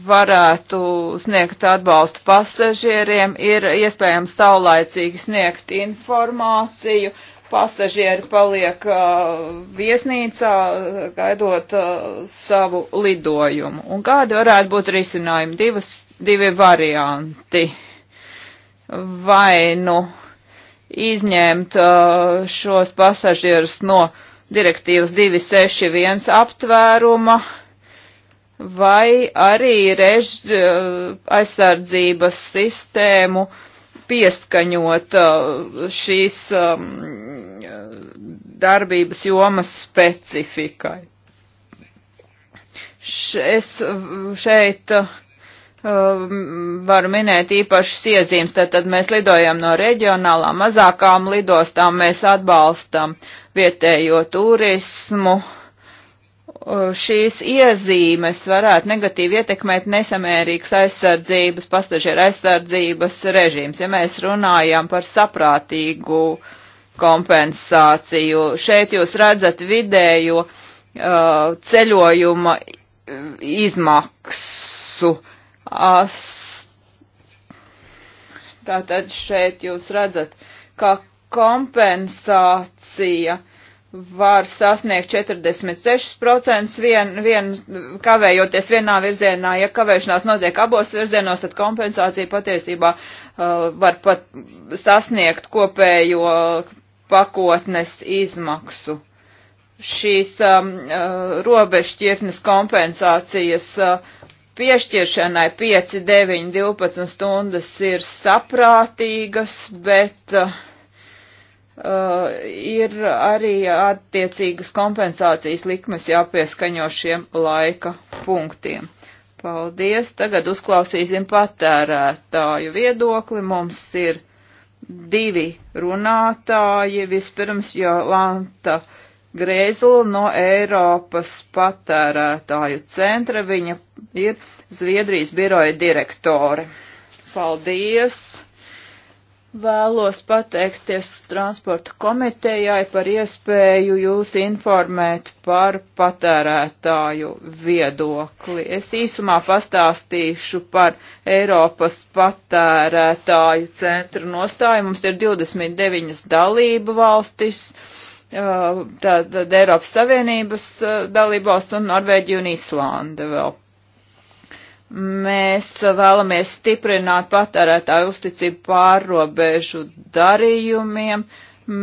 varētu sniegt atbalstu pasažieriem, ir iespējams saulaicīgi sniegt informāciju. Pasažieri paliek uh, viesnīcā, gaidot savu lidojumu. Un kādi varētu būt risinājumi? Divas, divi varianti. Vai nu izņemt šos pasažierus no uh, direktīvas 261 aptvēruma vai arī rež, eh, aizsardzības sistēmu pieskaņot eh, šīs um, darbības jomas specifikai. Es šeit eh, varu minēt īpašas iezīmes, tad, tad mēs lidojam no reģionālām mazākām lidostām, mēs atbalstam uh, vietējo turismu, uh, šīs iezīmes varētu negatīvi ietekmēt nesamērīgs aizsardzības, pasažieru aizsardzības režīms. Ja mēs runājam par saprātīgu kompensāciju, šeit jūs redzat vidējo uh, ceļojuma uh, izmaksu. As, tātad šeit jūs redzat, ka kompensācija var sasniegt 46% vien, vien, kavējoties vienā virzienā. Ja kavēšanās notiek abos virzienos, tad kompensācija patiesībā uh, var pat sasniegt kopējo pakotnes izmaksu. Šīs um, uh, robežšķirtnes kompensācijas uh, piešķiršanai 5, 9, 12 stundas ir saprātīgas, bet uh, Uh, ir arī attiecīgas kompensācijas likmes jāpieskaņo šiem laika punktiem. Paldies! Tagad uzklausīsim patērētāju viedokli. Mums ir divi runātāji. Vispirms Jolanta Grēzla no Eiropas patērētāju centra. Viņa ir Zviedrijas biroja direktore. Paldies! Vēlos pateikties transporta komitejai par iespēju jūs informēt par patērētāju viedokli. Es īsumā pastāstīšu par Eiropas patērētāju centra nostāju. Mums ir 29 dalību valstis, tātad Eiropas Savienības dalību valsts un Norvēģija un Islanda vēl Mēs vēlamies stiprināt patērētāju uzticību pārrobežu darījumiem.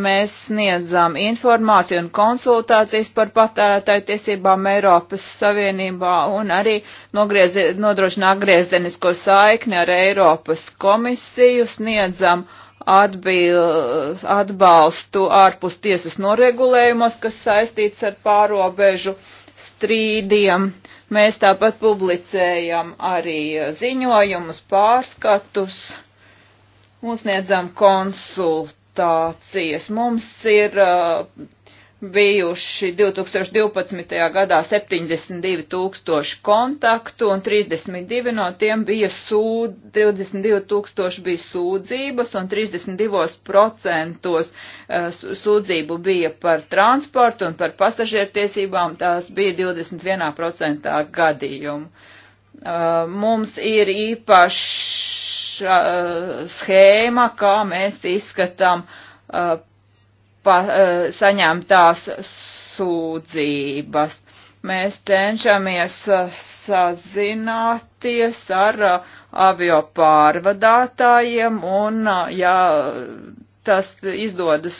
Mēs sniedzam informāciju un konsultācijas par patērētāju tiesībām Eiropas Savienībā un arī nogriezi, nodrošinām griezenisko saikni ar Eiropas komisiju, sniedzam atbil, atbalstu ārpus tiesas noregulējumos, kas saistīts ar pārobežu strīdiem Mēs tāpat publicējam arī ziņojumus, pārskatus un sniedzam konsultācijas. Mums ir uh, bijuši 2012. gadā 72 tūkstoši kontaktu un 32 no tiem bija sūd, 22 tūkstoši bija sūdzības un 32% eh, sūdzību bija par transportu un par pasažiertiesībām, tās bija 21% gadījumu. Eh, mums ir īpaša eh, schēma, kā mēs izskatām pa, eh, saņemtās sūdzības. Mēs cenšamies eh, sazināties ar eh, avio pārvadātājiem un, ja tas izdodas,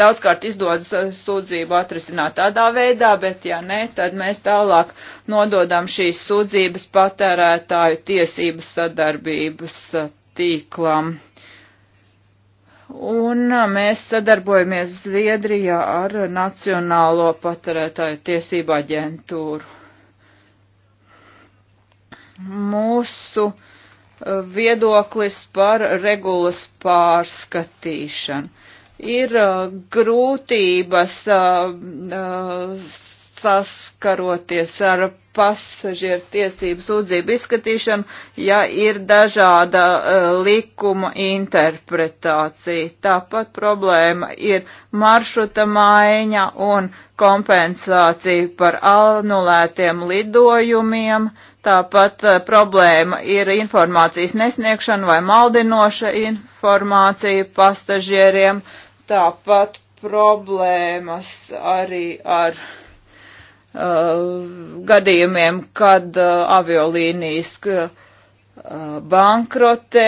daudzkārt izdodas sūdzību atrisināt tādā veidā, bet ja nē, tad mēs tālāk nododam šīs sūdzības patērētāju tiesības sadarbības tīklam. Un mēs sadarbojamies Zviedrijā ar Nacionālo patarētāju tiesību aģentūru. Mūsu eh, viedoklis par regulas pārskatīšanu. Ir eh, grūtības eh, saskaroties ar pasažieru tiesību sūdzību izskatīšanu, ja ir dažāda uh, likuma interpretācija. Tāpat problēma ir maršruta maiņa un kompensācija par anulētiem lidojumiem. Tāpat uh, problēma ir informācijas nesniegšana vai maldinoša informācija pasažieriem. Tāpat problēmas arī ar Uh, gadījumiem, kad uh, aviolīnijas uh, bankrotē.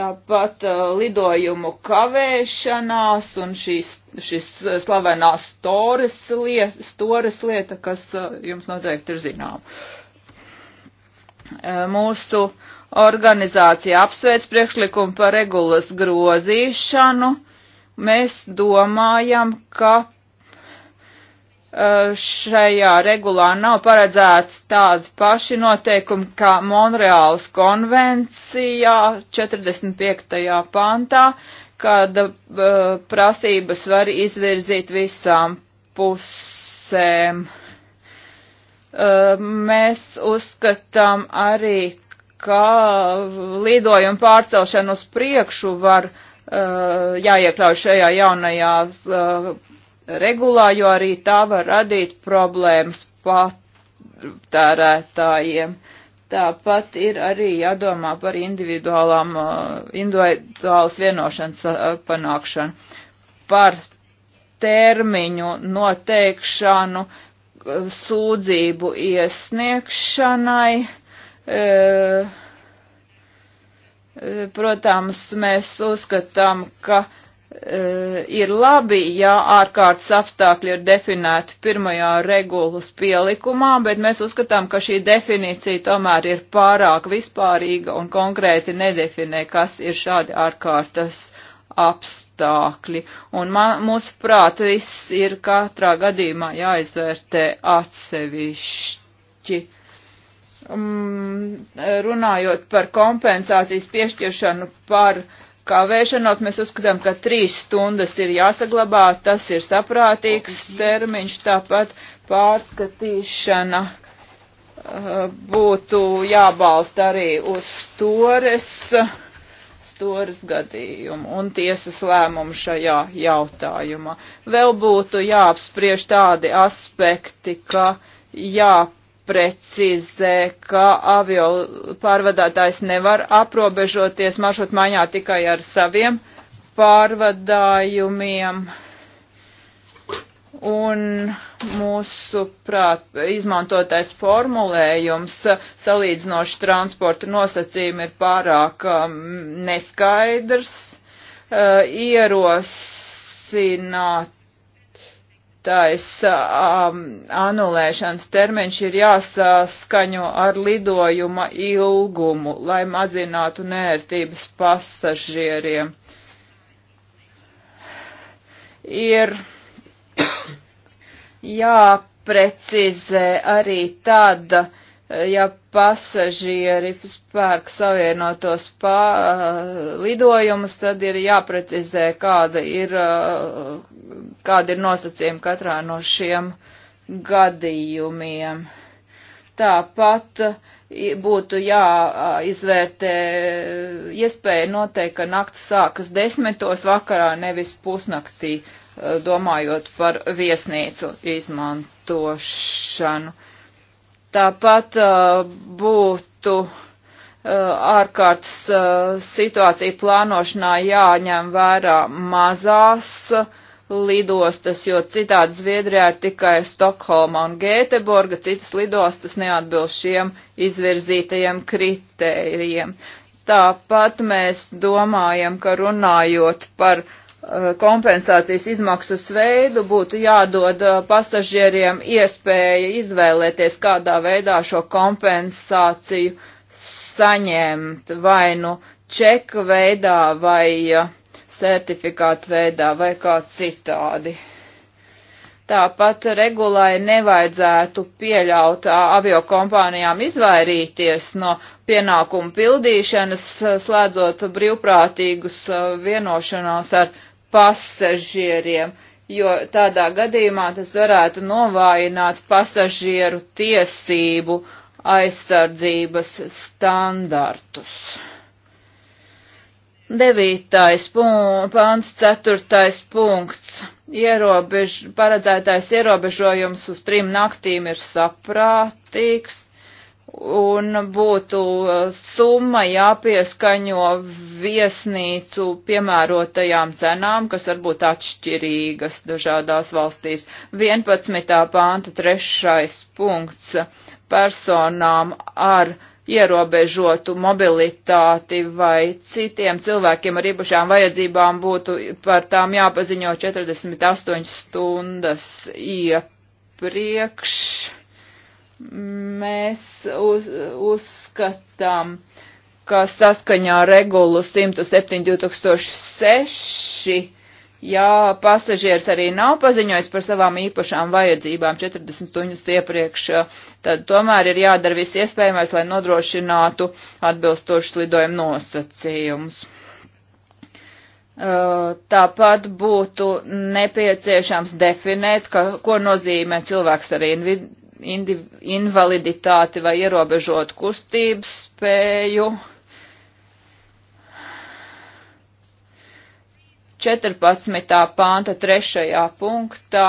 Tāpat lidojumu kavēšanās un šīs, šis slavenā stores lieta, stores lieta, kas jums noteikti ir zinām. Mūsu organizācija apsveic priekšlikumu par regulas grozīšanu mēs domājam, ka eh, šajā regulā nav paredzēts tādi paši noteikumi kā Monreāls konvencijā 45. pantā, kad uh, prasības var izvirzīt visām pusēm. Uh, mēs uzskatām arī, ka lidojumu pārcelšanu uz priekšu var uh, Uh, jāiekļauj šajā jaunajā uh, regulā, jo arī tā var radīt problēmas patērētājiem. Tāpat ir arī jādomā par individuālām, uh, individuālas vienošanas panākšanu, par termiņu noteikšanu, sūdzību iesniegšanai. E, Protams, mēs uzskatām, ka e, ir labi, ja ārkārtas apstākļi ir definēti pirmajā regulas pielikumā, bet mēs uzskatām, ka šī definīcija tomēr ir pārāk vispārīga un konkrēti nedefinē, kas ir šādi ārkārtas apstākļi. Un man, mūsuprāt, viss ir katrā gadījumā jāizvērtē atsevišķi um, runājot par kompensācijas piešķiršanu par kavēšanos, mēs uzskatām, ka trīs stundas ir jāsaglabā, tas ir saprātīgs termiņš, tāpat pārskatīšana uh, būtu jābalsta arī uz stores, stores gadījumu un tiesas lēmumu šajā jautājumā. Vēl būtu jāapspriež tādi aspekti, ka jā, jāprecizē, ka avio pārvadātājs nevar aprobežoties maršrutmaiņā tikai ar saviem pārvadājumiem. Un mūsu prāt, izmantotais formulējums salīdzinoši transporta nosacījumi ir pārāk um, neskaidrs. Uh, ierosināt Tais um, anulēšanas termiņš ir jāsaskaņo ar lidojuma ilgumu, lai mazinātu nērtības pasažieriem. Ir jāprecizē arī tāda uh, ja pasažieri spērk savienotos pā, eh, lidojumus, tad ir jāprecizē, kāda ir, eh, kāda ir nosacījuma katrā no šiem gadījumiem. Tāpat eh, būtu jāizvērtē iespēja noteikt, ka nakts sākas desmitos vakarā, nevis pusnaktī, domājot par viesnīcu izmantošanu Tāpat uh, būtu uh, ārkārtas uh, situācija plānošanā jāņem vērā mazās lidostas, jo citādi Zviedrijā ir tikai Stokholma un Gēteborga, citas lidostas neatbilst šiem izvirzītajiem kritērijiem. Tāpat mēs domājam, ka runājot par uh, Eh, kompensācijas izmaksas veidu būtu jādod eh, pasažieriem iespēja izvēlēties, kādā veidā šo kompensāciju saņemt vai nu čeku veidā vai eh, certifikātu veidā vai kā citādi. Tāpat regulai nevajadzētu pieļaut avio kompānijām izvairīties no pienākumu pildīšanas, slēdzot brīvprātīgus vienošanos ar pasažieriem, jo tādā gadījumā tas varētu novājināt pasažieru tiesību aizsardzības standartus. Devītais pāns, ceturtais punkts. Ierobež, paredzētais ierobežojums uz trim naktīm ir saprātīgs un būtu uh, summa jāpieskaņo viesnīcu piemērotajām cenām, kas varbūt atšķirīgas dažādās valstīs. 11. pānta trešais punkts personām ar ierobežotu mobilitāti vai citiem cilvēkiem ar īpašām vajadzībām būtu par tām jāpaziņo 48 stundas iepriekš Mēs uz, uzskatām, ka saskaņā regulu 107.2006, ja pasažieris arī nav paziņojis par savām īpašām vajadzībām 40 stundas iepriekš, tad tomēr ir jādara viss iespējamais, lai nodrošinātu atbilstošus lidojumu nosacījumus. Uh, tāpat būtu nepieciešams definēt, ka, ko nozīmē cilvēks ar invid, indiv, invaliditāti vai ierobežot kustības spēju. 14. panta 3. punktā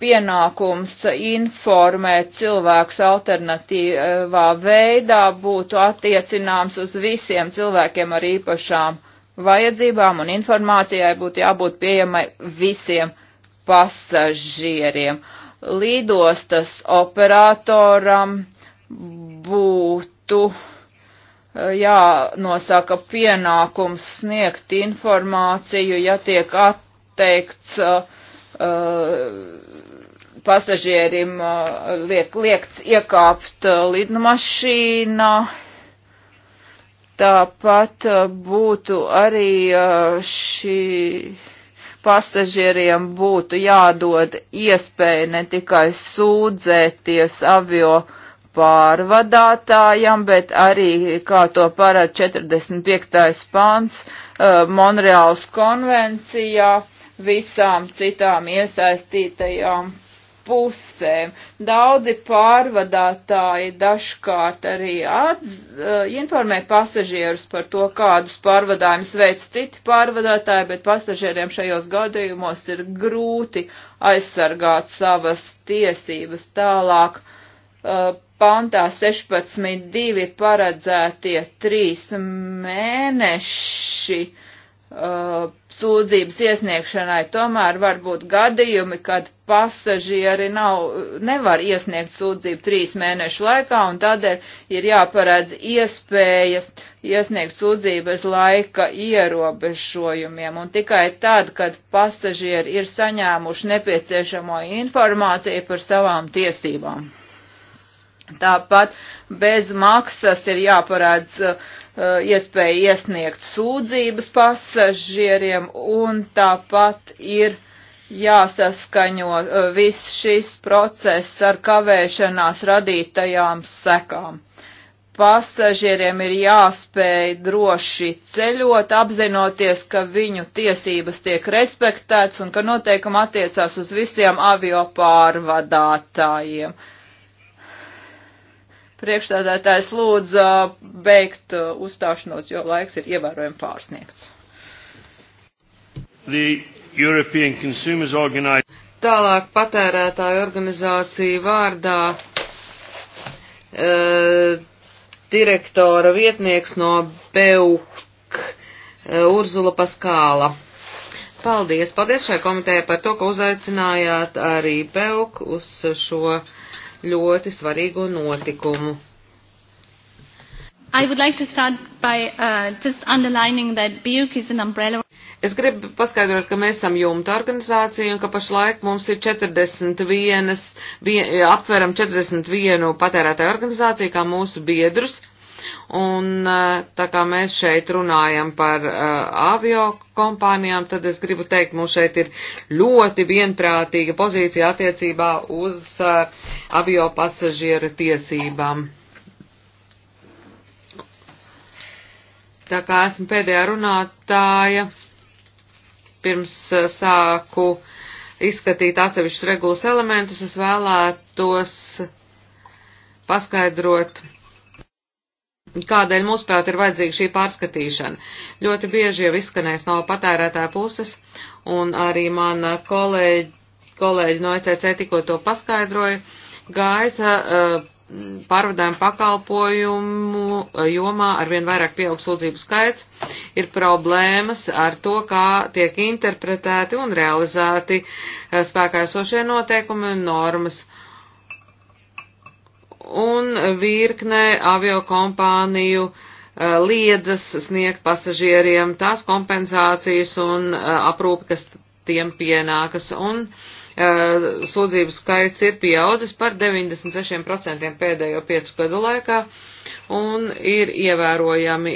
pienākums informēt cilvēkus alternatīvā veidā būtu attiecināms uz visiem cilvēkiem ar īpašām vajadzībām un informācijai būtu jābūt pieejamai visiem pasažieriem. Uh, lidostas operatoram būtu e, jānosaka pienākums sniegt informāciju, ja tiek atteikts uh, pasažierim uh, liek, liekts iekāpt uh, lidmašīnā. Tāpat būtu arī šī pasažieriem būtu jādod iespēja ne tikai sūdzēties avio pārvadātājam, bet arī, kā to parāda 45. pāns uh, Monreāls konvencijā, visām citām iesaistītajām pusēm. Daudzi pārvadātāji dažkārt arī atz, eh, informē pasažierus par to, kādus pārvadājumus veic citi pārvadātāji, bet pasažieriem šajos gadījumos ir grūti aizsargāt savas tiesības tālāk. Eh, pantā 16.2 paredzētie trīs mēneši uh, Uh, sūdzības iesniegšanai tomēr var būt gadījumi, kad pasažieri nav, nevar iesniegt sūdzību trīs mēnešu laikā, un tādēļ ir jāparedz iespējas iesniegt sūdzības laika ierobežojumiem, un tikai tad, kad pasažieri ir saņēmuši nepieciešamo informāciju par savām tiesībām. Tāpat bez maksas ir jāparādz uh, Eh, iespēju iesniegt sūdzības pasažieriem un tāpat ir jāsaskaņo eh, viss šis process ar kavēšanās radītajām sekām. Pasažieriem ir jāspēj droši ceļot, apzinoties, ka viņu tiesības tiek respektētas un ka noteikumi attiecās uz visiem avio pārvadātājiem. Uh, Priekšstādātājs lūdza uh, beigt uh, uzstāšanos, jo laiks ir ievērojami pārsniegts. Tālāk patērētāju organizāciju vārdā uh, direktora vietnieks no BEUK uh, Urzula Paskāla. Paldies, paldies šai komitejai par to, ka uzaicinājāt arī BEUK uz šo uh, ļoti svarīgo notikumu. Like by, uh, es gribu paskaidrot, ka mēs esam jumta organizācija un ka pašlaik mums ir 41, vien, apveram 41 patērētāju organizāciju kā mūsu biedrus. Uh, Un e, tā kā mēs šeit runājam par uh, avio kompānijām, tad es gribu teikt, mums šeit ir ļoti vienprātīga pozīcija attiecībā uz uh, avio pasažiera tiesībām. Tā kā esmu pēdējā runātāja, pirms uh, sāku izskatīt atsevišķus regulas elementus, es vēlētos paskaidrot Kādēļ mūsuprāt ir vajadzīga šī pārskatīšana? Ļoti bieži jau izskanēs no patērētāja puses, un arī mana kolēģi, kolēģi no ECC tikko to paskaidroja, gaisa eh, pārvadājumu pakalpojumu eh, jomā arvien vairāk pieaug sūdzību skaits, ir problēmas ar to, kā tiek interpretēti un realizēti eh, spēkā esošie noteikumi un normas. Uh, un virkne aviokompāniju eh, liedzas sniegt pasažieriem tās kompensācijas un eh, aprūpi, kas tiem pienākas. Un eh, sūdzību skaits ir pieaudzis par 96% pēdējo piecu gadu laikā un ir ievērojami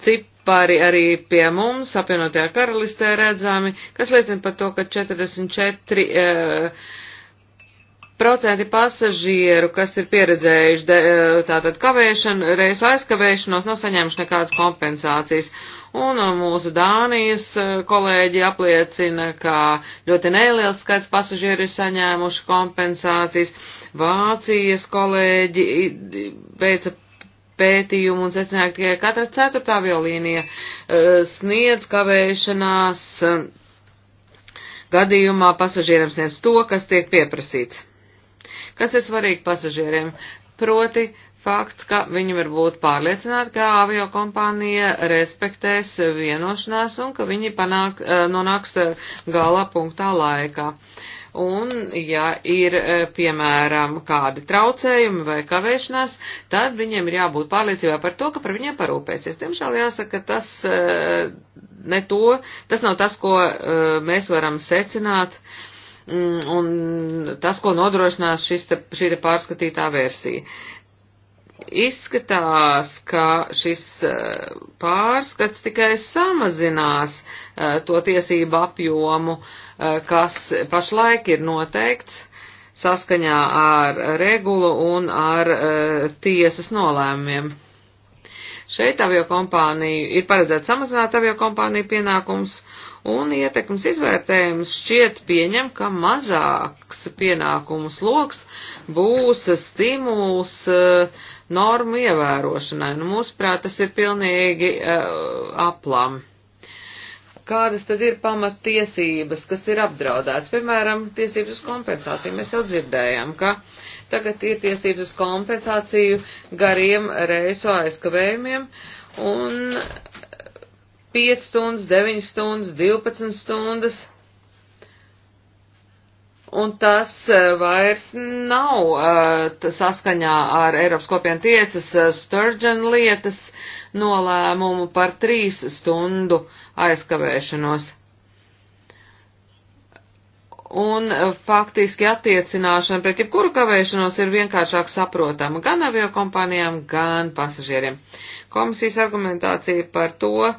cipari arī pie mums, apvienotajā karalistē redzami, kas liecina par to, ka 44 procenti pasažieru, kas ir pieredzējuši de, eh, tātad kavēšanu, reisu aizkavēšanos, nav saņēmuši nekādas kompensācijas. Un eh, mūsu Dānijas eh, kolēģi apliecina, ka ļoti neliels skaits pasažieru ir saņēmuši kompensācijas. Vācijas kolēģi veica pētījumu un secināja, ka katra ceturtā violīnija sniedz kavēšanās gadījumā pasažieram sniedz to, kas tiek pieprasīts kas ir svarīgi pasažieriem, proti fakts, ka viņi var būt pārliecināti, ka avio kompānija respektēs vienošanās un ka viņi panāk, e, nonāks e, galā punktā laikā. Un, ja ir, e, piemēram, kādi traucējumi vai kavēšanās, tad viņiem ir jābūt pārliecībā par to, ka par viņiem parūpēsies. Diemžēl jāsaka, tas ne to, tas nav tas, ko mēs varam secināt Mm, un tas, ko nodrošinās šis, te, šī te pārskatītā versija. Izskatās, ka šis eh, pārskats tikai samazinās eh, to tiesību apjomu, eh, kas pašlaik ir noteikts saskaņā ar regulu un ar tiesas nolēmumiem. Šeit aviokompāniju ir paredzēts samazināt aviokompāniju pienākums un ietekmes izvērtējums šķiet pieņem, ka mazāks pienākumu sloks būs stimuls uh, normu ievērošanai. Nu, mūsuprāt, tas ir pilnīgi uh, aplam. Kādas tad ir pamatiesības, kas ir apdraudētas? Piemēram, tiesības uz kompensāciju. Mēs jau dzirdējām, ka tagad ir tiesības uz kompensāciju gariem reisu aizkavējumiem, un 5 stundas, 9 stundas, 12 stundas. Un tas eh, vairs nav uh, saskaņā ar Eiropas kopienu tiesas eh, Sturgeon lietas nolēmumu par 3 stundu aizkavēšanos. Un uh, faktiski attiecināšana pret jebkuru kavēšanos ir vienkāršāk saprotama gan aviokompānijām, gan pasažieriem. Komisijas argumentācija par to, uh,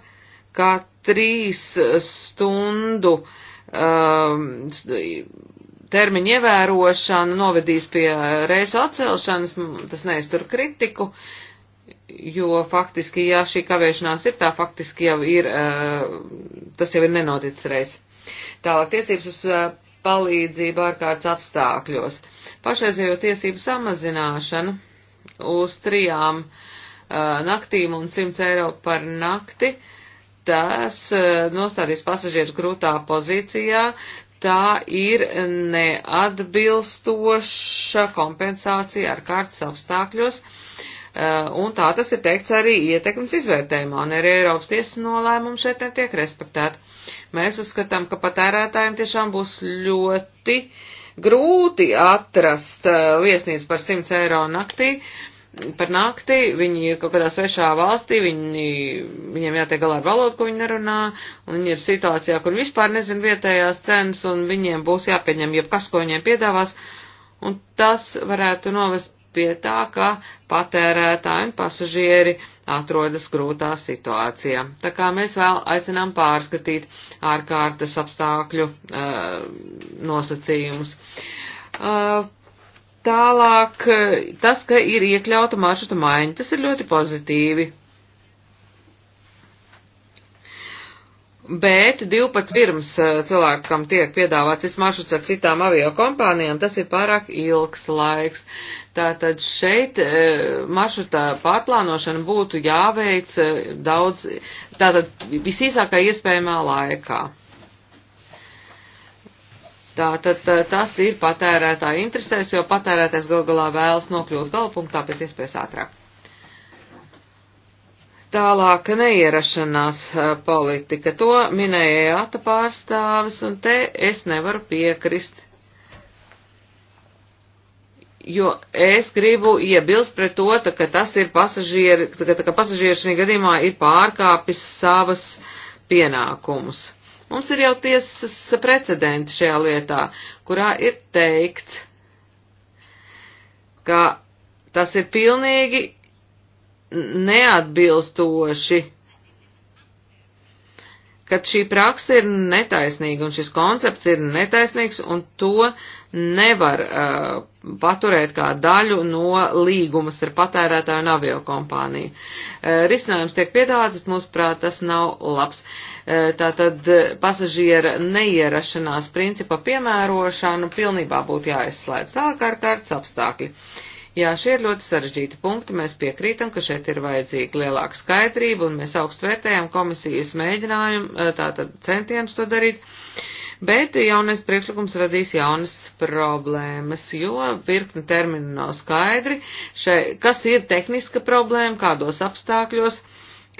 kā trīs stundu um, termiņu ievērošana novedīs pie reisa atcelšanas, tas neiztur kritiku, jo faktiski, ja šī kavēšanās ir tā, faktiski jau ir, uh, tas jau ir nenoticis reiz. Tālāk tiesības uz uh, palīdzību ārkārtas apstākļos. Pašreizējo tiesību samazināšana uz trijām uh, naktīm un 100 eiro par nakti uh, tas eh, nostādīs pasažierus grūtā pozīcijā, tā ir neatbilstoša kompensācija ar kārtas apstākļos, eh, un tā tas ir teikts arī ietekmes izvērtējumā, un arī Eiropas tiesas nolēmumi šeit netiek respektēti. Mēs uzskatām, ka patērētājiem tiešām būs ļoti grūti atrast viesnīcu eh, par 100 eiro naktī, uh, par nakti, viņi ir kaut kādā svešā valstī, viņi, viņiem jātiek galā ar valodu, ko viņi nerunā, un viņi ir situācijā, kur vispār nezin vietējās cenas, un viņiem būs jāpieņem jebkas, ko viņiem piedāvās, un tas varētu novest pie tā, ka patērētāji un pasažieri atrodas grūtā situācijā. Tā kā mēs vēl aicinām pārskatīt ārkārtas apstākļu uh, nosacījumus. Uh, Tālāk, eh, tas, ka ir iekļauta maršruta maiņa, tas ir ļoti pozitīvi. Bet 12 pirms eh, cilvēkam tiek piedāvāts šis maršruts ar citām avio kompānijām, tas ir pārāk ilgs laiks. Tātad šeit eh, maršruta pārplānošana būtu jāveic daudz, tātad visīsākā iespējamā laikā. Tātad tas ir patērētāja interesēs, jo patērētājs gal galā vēlas nokļūt galpunktā pēc iespējas ātrāk. Tālāk neierašanās politika. To minēja Ata pārstāvis, un te es nevaru piekrist. Jo es gribu iebilst pret to, tā, ka tas ir pasažieri, ka, ka pasažieris šī gadījumā ir pārkāpis savas pienākumus. Mums ir jau tiesas precedenti šajā lietā, kurā ir teikts, ka tas ir pilnīgi neatbilstoši ka šī praksa ir netaisnīga un šis koncepts ir netaisnīgs un to nevar uh, paturēt kā daļu no līgumas ar patērētāju un aviokompāniju. Uh, risinājums tiek piedāvāts, bet mūsuprāt tas nav labs. Uh, tātad uh, pasažiera neierašanās principa piemērošanu pilnībā būtu jāizslēdz tālāk ar kārtas apstākļi. Uh, Jā, šie ir ļoti sarežģīti punkti, mēs piekrītam, ka šeit ir vajadzīga lielāka skaidrība, un mēs augstu vērtējam komisijas mēģinājumu, eh, tātad centienus to darīt, bet jaunais priekšlikums radīs jaunas problēmas, jo virkni termini nav skaidri, šai, kas ir tehniska problēma, kādos apstākļos,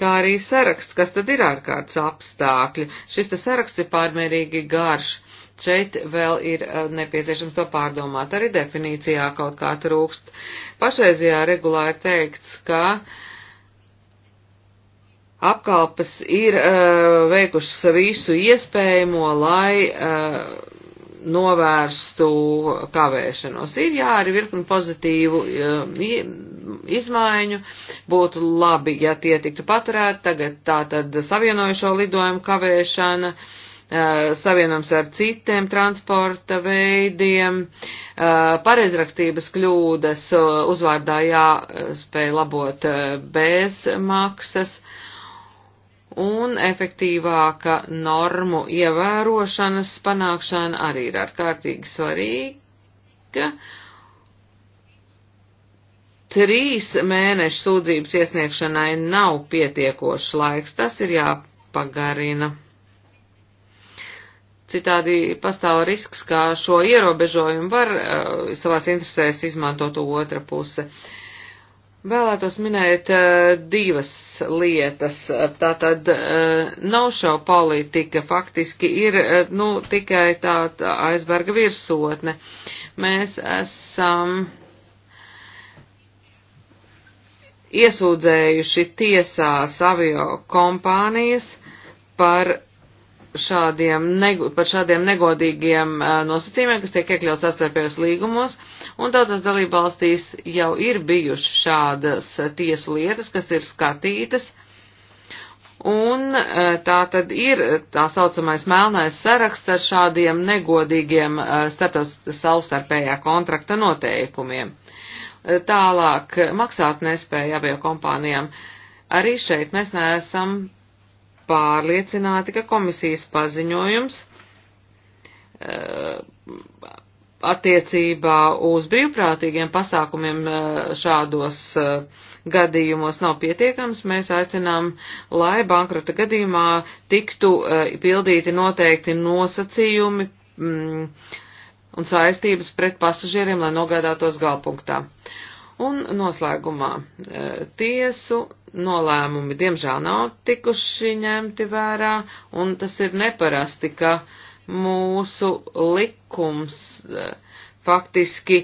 kā arī saraksts, kas tad ir ārkārtas apstākļi. Šis te saraksts ir pārmērīgi garš Šeit vēl ir eh, nepieciešams to pārdomāt. Arī definīcijā kaut kā trūkst. Pašreizajā regulā ir teikts, ka apkalpes ir uh, veikušas visu iespējamo, lai uh, novērstu kavēšanos. Ir jā, arī virkni pozitīvu izmaiņu, būtu labi, ja tie tiktu paturēti, tagad tā tad savienojušo lidojumu kavēšana, uh, Eh, savienojums ar citiem transporta veidiem, eh, pareizrakstības kļūdas eh, uzvārdā jāspēj labot bez maksas un efektīvāka normu ievērošanas panākšana arī ir ārkārtīgi svarīga. Trīs mēnešu sūdzības iesniegšanai nav pietiekošs laiks, tas ir jāpagarina. Citādi pastāv risks, ka šo ierobežojumu var uh, savās interesēs izmantot otra puse. Vēlētos minēt uh, divas lietas. Tātad uh, eh, no-show politika faktiski ir uh, nu, tikai tāda tā aizberga virsotne. Mēs esam iesūdzējuši tiesās avio kompānijas par šādiem, negu, par šādiem negodīgiem nosacījumiem, kas tiek iekļauts atstarpējos līgumos, un daudzas dalībvalstīs jau ir bijušas šādas tiesu lietas, kas ir skatītas, un tā tad ir tā saucamais melnais saraksts ar šādiem negodīgiem savstarpējā kontrakta noteikumiem. Tālāk maksāt nespēja avio kompānijām. Arī šeit mēs neesam pārliecināti, ka komisijas paziņojums eh, attiecībā uz brīvprātīgiem pasākumiem eh, šādos eh, gadījumos nav pietiekams. Mēs aicinām, lai bankrota gadījumā tiktu pildīti noteikti nosacījumi mm, un saistības pret pasažieriem, lai nogādātos galpunktā. Uh, Un noslēgumā e, tiesu nolēmumi diemžēl nav tikuši ņemti vērā, un tas ir neparasti, ka mūsu likums e, faktiski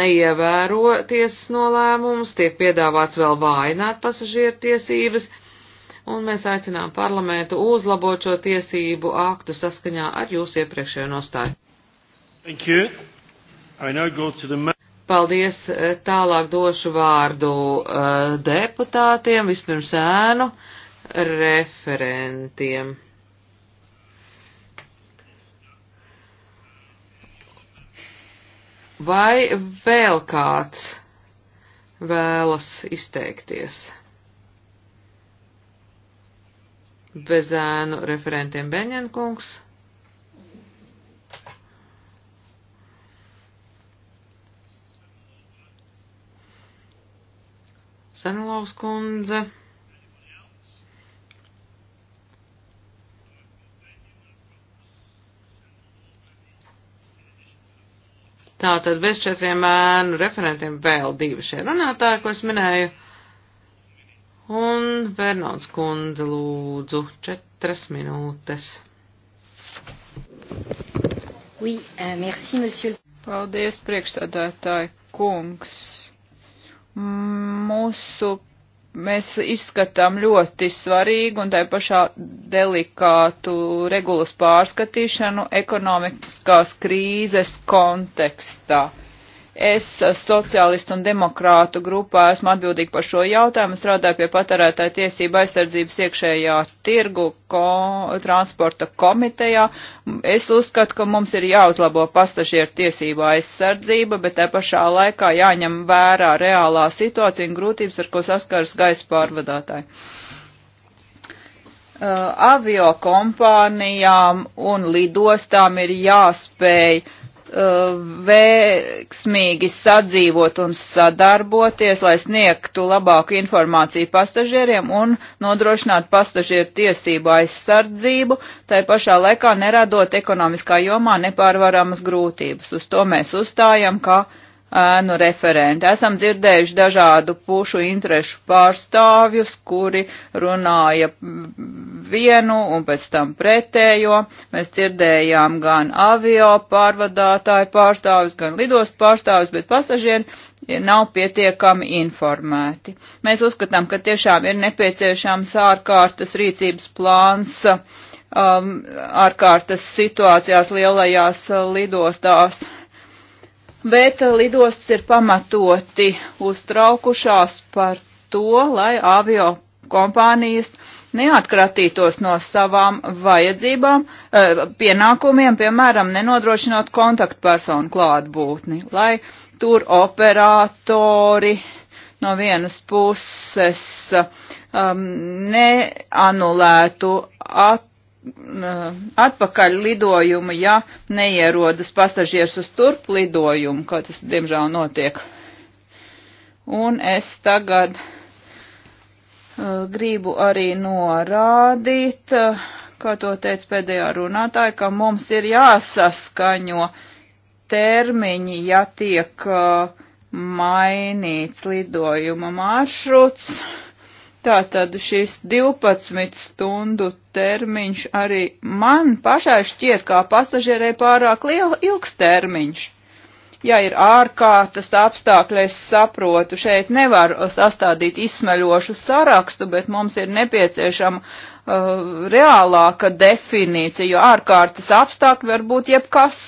neievēro tiesas nolēmumus, tiek piedāvāts vēl vājināt pasažieru tiesības, un mēs aicinām parlamentu uzlabot šo tiesību aktu saskaņā ar jūsu iepriekšējo nostāju. Thank you. I now go to the Paldies. Eh, tālāk došu vārdu uh, deputātiem, vispirms ēnu referentiem. Vai vēl kāds vēlas izteikties? Bez ēnu referentiem Beņenkungs. Stanilovs kundze. Tātad bez četriem ēnu referentiem vēl divi šie runātāji, ko es minēju. Un Bernauds kundze lūdzu četras minūtes. Oui, euh, merci, monsieur. Paldies, priekšstādātāji kungs mūsu, mēs izskatām ļoti svarīgu un tai pašā delikātu regulas pārskatīšanu ekonomiskās krīzes kontekstā. Es sociālistu un demokrātu grupā esmu atbildīgi par šo jautājumu, strādāju pie patērētāja tiesība aizsardzības iekšējā tirgu ko, transporta komitejā. Es uzskatu, ka mums ir jāuzlabo pasažieru tiesību aizsardzība, bet te pašā laikā jāņem vērā reālā situācija un grūtības, ar ko saskaras gaisa pārvadātāji. Uh, avio kompānijām un lidostām ir jāspēj uh, Uh, veiksmīgi sadzīvot un sadarboties, lai sniegtu labāku informāciju pasažieriem un nodrošinātu pasažieru tiesību aizsardzību, tai pašā laikā neradot ekonomiskā jomā nepārvaramas grūtības. Uz to mēs uzstājam kā uh, ēnu referenti. Esam dzirdējuši dažādu pušu interešu pārstāvjus, kuri runāja vienu un pēc tam pretējo. Mēs dzirdējām gan avio pārvadātāju pārstāvjus, gan lidostu pārstāvjus, bet pasažieri nav pietiekami informēti. Mēs uzskatām, ka tiešām ir nepieciešams ārkārtas rīcības plāns um, ārkārtas situācijās lielajās lidostās. Uh, bet eh, lidostas ir pamatoti uztraukušās par to, lai avio kompānijas neatkratītos no savām vajadzībām, eh, pienākumiem, piemēram, nenodrošinot kontaktpersonu klātbūtni, lai tur operatori no vienas puses eh, um, neanulētu at Uh, atpakaļ lidojumu, ja neierodas pasažieris uz turp lidojumu, kā tas diemžēl notiek. Un es tagad uh, gribu arī norādīt, uh, kā to teica pēdējā runātāja, ka mums ir jāsaskaņo termiņi, ja tiek uh, mainīts lidojuma maršruts. Uh, Tātad šis 12 stundu termiņš arī man pašai šķiet kā pasažierei pārāk liela ilgs termiņš. Ja ir ārkārtas apstākļi, es saprotu, šeit nevar sastādīt izsmeļošu sarakstu, bet mums ir nepieciešama uh, reālāka definīcija, jo ārkārtas apstākļi var būt jebkas,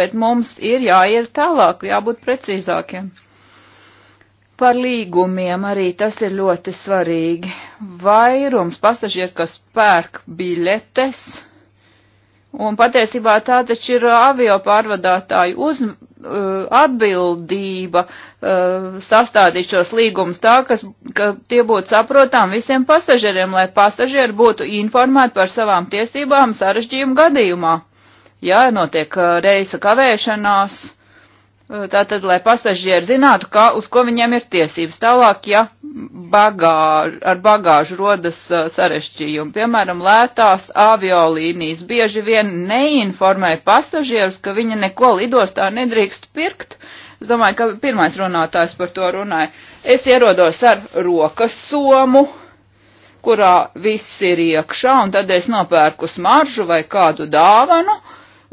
bet mums ir jāiet tālāk, jābūt precīzākiem. Par līgumiem arī tas ir ļoti svarīgi. Vairums pasažieru, kas pērk biļetes, un patiesībā tā taču ir avio pārvadātāju uz, uh, atbildība uh, sastādīt šos līgumus tā, kas, ka tie būtu saprotām visiem pasažieriem, lai pasažieri būtu informēti par savām tiesībām sarežģījumu gadījumā. Jā, notiek uh, reisa kavēšanās Tātad, lai pasažieri zinātu, ka, uz ko viņiem ir tiesības. Tālāk, ja bagāž, ar bagāžu rodas uh, sarešķījumi, piemēram, lētās aviolīnijas bieži vien neinformē pasažierus, ka viņi neko lidostā nedrīkst pirkt. Es domāju, ka pirmais runātājs par to runāja. Es ierodos ar rokas somu, kurā viss ir iekšā, un tad es nopērku smaržu vai kādu dāvanu,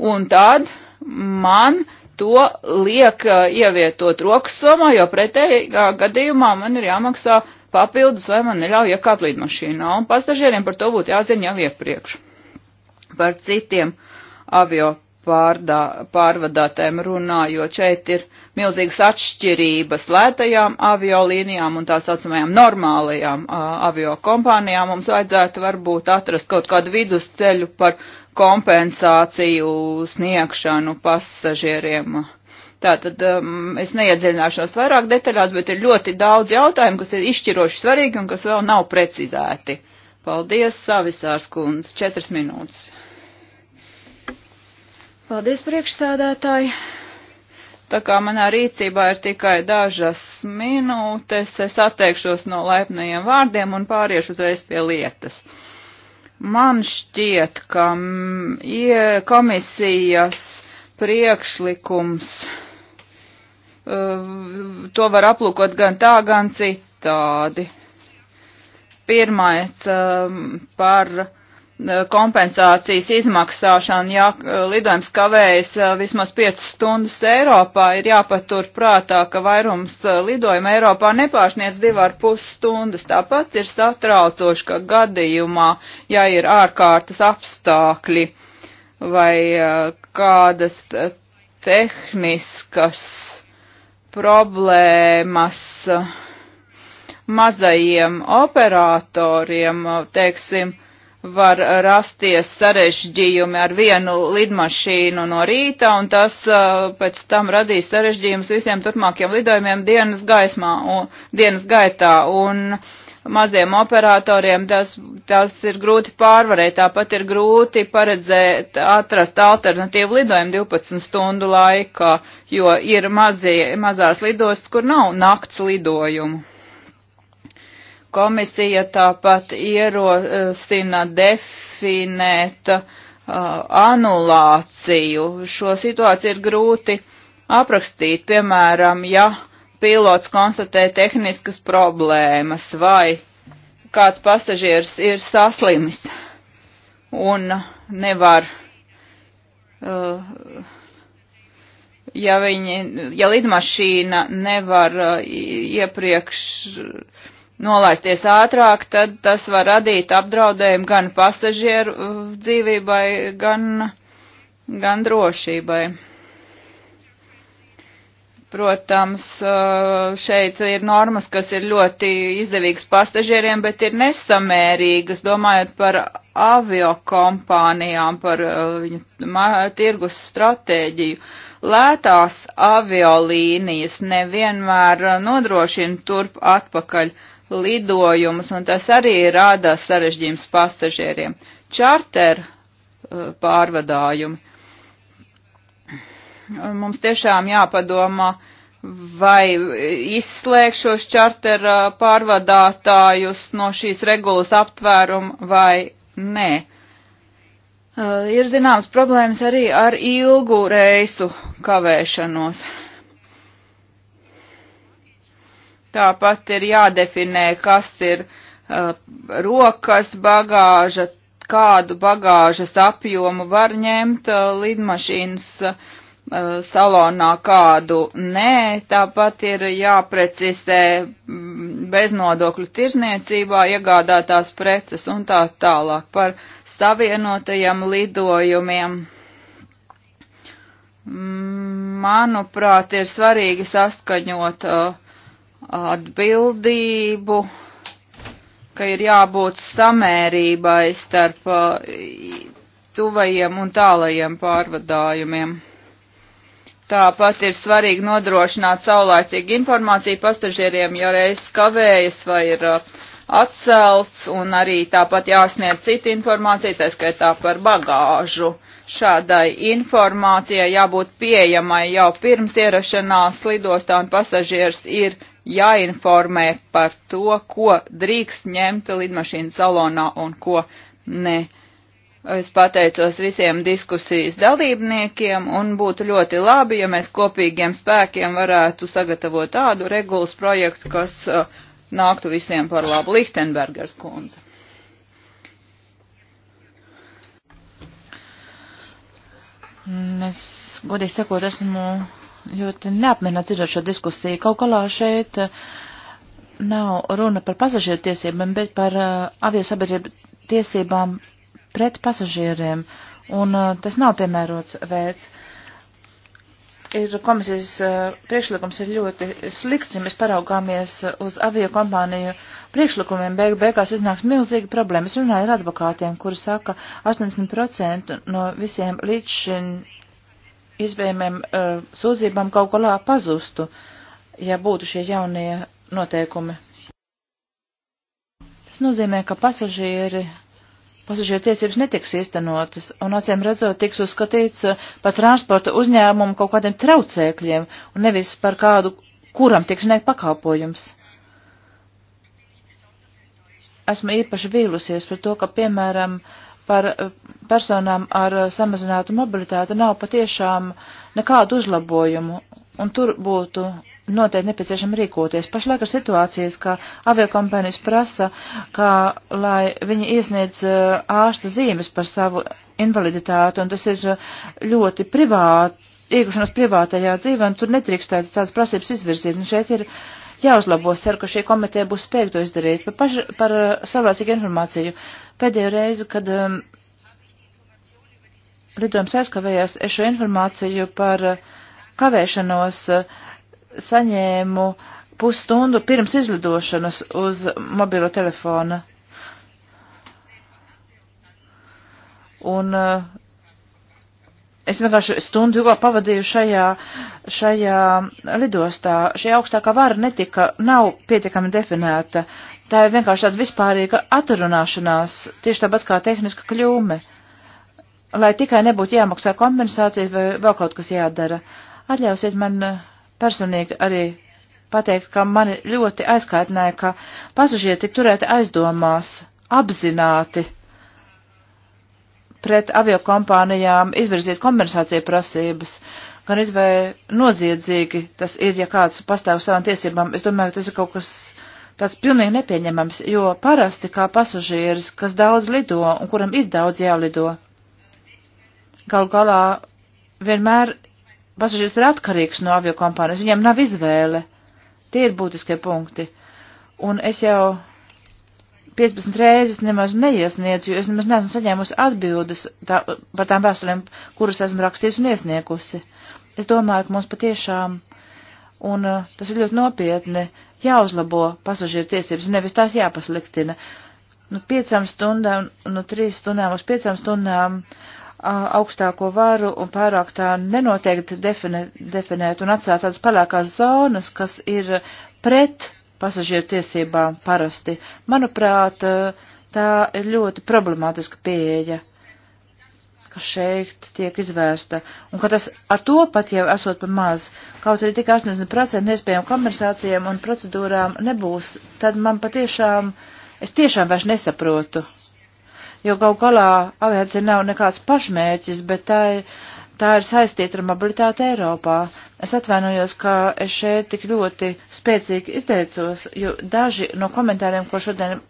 un tad man to liek ievietot rokas somā, jo pretējā gadījumā man ir jāmaksā papildus, vai man neļauj iekāpt lidmašīnā, un pasažieriem par to būtu jāzina jau iepriekš. Par citiem avio pārdā, pārvadātēm runājot, šeit ir uh, milzīgas atšķirības lētajām aviolīnijām un tā saucamajām normālajām avio kompānijām. Mums vajadzētu varbūt atrast kaut kādu vidusceļu par kompensāciju sniegšanu pasažieriem. Tātad um, es neiedziļināšos vairāk detaļās, bet ir ļoti daudz jautājumu, kas ir izšķiroši svarīgi un kas vēl nav precizēti. Paldies, Savisārs kundze, četras minūtes. Paldies, priekšstādātāji. Tā kā manā rīcībā ir tikai dažas minūtes, es atteikšos no laipnajiem vārdiem un pāriešu uzreiz pie lietas. Man šķiet, ka mm, komisijas priekšlikums uh, to var aplūkot gan tā, gan citādi. Pirmais um, par Eh, kompensācijas izmaksāšana, ja eh, lidojums kavējas eh, vismaz 5 stundas Eiropā, ir jāpatur prātā, ka vairums lidojuma Eiropā nepārsniec 2,5 stundas. Tāpat ir satraucoši, ka gadījumā, ja ir ārkārtas apstākļi vai kādas tehniskas problēmas, mazajiem operatoriem, teiksim, var rasties sarežģījumi ar vienu lidmašīnu no rīta, un tas uh, pēc tam radīs sarežģījumus visiem turpmākiem lidojumiem dienas, gaismā, un, dienas gaitā. Un, Maziem operatoriem tas, tas ir grūti pārvarēt, tāpat ir grūti paredzēt, atrast alternatīvu lidojumu 12 stundu laikā, jo ir mazie, mazās lidostas, kur nav nakts lidojumu. Komisija tāpat ierosina definēt uh, anulāciju. Šo situāciju ir grūti aprakstīt, piemēram, ja pilots konstatē tehniskas problēmas vai kāds pasažieris ir saslimis un nevar, uh, ja, viņi, ja lidmašīna nevar uh, iepriekš uh, nolaisties ātrāk, tad tas var radīt apdraudējumu gan pasažieru uh, dzīvībai, gan, gan drošībai. Protams, uh, šeit ir normas, kas ir ļoti izdevīgas pasažieriem, bet ir nesamērīgas, domājot par avio kompānijām, par uh, viņu tirgus stratēģiju. Lētās aviolīnijas nevienmēr nodrošina turp atpakaļ uh, lidojumus, un tas arī rada sarežģījums pasažieriem. Čarter uh, pārvadājumi. Mums tiešām jāpadomā, vai izslēgt šos čarter uh, pārvadātājus no šīs regulas aptvērumu vai nē. Uh, ir zināmas problēmas arī ar ilgu reisu kavēšanos. Tāpat ir jādefinē, kas ir uh, rokas bagāža, kādu bagāžas apjomu var ņemt uh, lidmašīnas uh, salonā, kādu nē. Tāpat ir jāprecizē mm, beznodokļu tirzniecībā iegādātās preces un tā tālāk par savienotajiem lidojumiem. Mm, manuprāt, ir svarīgi saskaņot uh, atbildību, ka ir jābūt samērībai starp uh, tuvajiem un tālajiem pārvadājumiem. Tāpat ir svarīgi nodrošināt saulēcīgu informāciju pasažieriem, ja reizes kavējas vai ir uh, atcelts, un arī tāpat jāsniedz cita informācija, tā skaitā par bagāžu. Šādai informācijai jābūt pieejamai jau pirms ierašanās lidostā, un pasažieris ir jāinformē par to, ko drīkst ņemt lidmašīnu salonā un ko ne. Es pateicos visiem diskusijas dalībniekiem un būtu ļoti labi, ja mēs kopīgiem spēkiem varētu sagatavot tādu regulas projektu, kas uh, nāktu visiem par labu Lichtenbergers kundze. Es, godīgi sakot, esmu ļoti neapmienāts dzirdot šo diskusiju. Kaut galā šeit eh, nav runa par pasažieru tiesībām, bet par uh, aviosabiedrību tiesībām pret pasažieriem. Un uh, tas nav piemērots veids. Ir komisijas uh, priekšlikums ir ļoti slikts, ja mēs paraugāmies uz aviokompāniju priekšlikumiem. Beigu beigās iznāks milzīga problēma. Es runāju ar advokātiem, kuri saka, 80% no visiem līdz šim iespējamiem uh, sūdzībām kaut kolā pazustu, ja būtu šie jaunie noteikumi. Tas nozīmē, ka pasažieri, pasažieru tiesības netiks īstenotas, un acīm redzot, tiks uzskatīts uh, par transporta uzņēmumu kaut kādiem traucēkļiem, un nevis par kādu, kuram tiks sniegt pakalpojums. Esmu īpaši vīlusies par to, ka, piemēram, uh, par eh, personām ar eh, samazinātu mobilitāti nav patiešām nekādu uzlabojumu, un tur būtu noteikti nepieciešami rīkoties. Pašlaik ir situācijas, ka aviokompānijas prasa, ka, lai viņi iesniedz eh, ārsta zīmes par savu invaliditāti, un tas ir ļoti privāti, iekļūšanas privātajā dzīvē, un tur nedrīkstētu tādas prasības izvirzīt. Un šeit ir jāuzlabo, ceru, ka šī komiteja būs spēja to izdarīt. Par, paž, par savlaicīgu informāciju Pēdējo reizi, kad um, lidojums aizkavējās, es šo informāciju par uh, kavēšanos uh, saņēmu pusstundu pirms izlidošanas uz mobilo telefona. Un uh, es vienkārši stundu ilgāk pavadīju šajā, šajā lidostā. Šī augstākā vara netika, nav pietiekami definēta. Tā ir vienkārši tāda vispārīga atrunāšanās, tieši tāpat kā tehniska kļūme, lai tikai nebūtu jāmaksā kompensācijas vai vēl kaut kas jādara. Atļausiet man eh, personīgi arī pateikt, ka mani ļoti aizkaitināja, ka pasažieri tik turēti aizdomās apzināti pret aviokompānijām izvirzīt kompensāciju prasības, gan izvai noziedzīgi tas ir, ja kāds pastāv savām tiesībām. Es domāju, ka tas ir kaut kas tāds pilnīgi nepieņemams, jo parasti kā pasažieris, kas daudz lido un kuram ir daudz jālido, galu galā vienmēr pasažieris ir atkarīgs no aviokompānijas, viņam nav izvēle. Tie ir būtiskie punkti. Un es jau 15 reizes nemaz neiesniedzu, jo es nemaz neesmu saņēmusi atbildes tā, par tām vēstulēm, kuras esmu rakstījusi un iesniegusi. Es domāju, ka mums patiešām, un uh, tas ir ļoti nopietni, jāuzlabo pasažieru tiesības, nevis tās jāpasliktina. Nu, piecām stundām, nu, trīs stundām uz piecām stundām uh, augstāko varu un pārāk tā nenoteikti definēt, definēt un atstāt tādas palākās zonas, kas ir pret pasažieru tiesībām parasti. Manuprāt, tā ir ļoti problemātiska pieeja, kas šeit tiek izvērsta. Un ka tas ar to pat jau esot par maz, kaut arī tik 80% nespējām konversācijām un procedūrām nebūs, tad man patiešām, es tiešām vairs nesaprotu. Jo kaut galā aviācija nav nekāds pašmērķis, bet tā ir tā ir saistīta ar mobilitāti Eiropā. Es atvainojos, ka es šeit tik ļoti spēcīgi izteicos, jo daži no komentāriem, ko šodien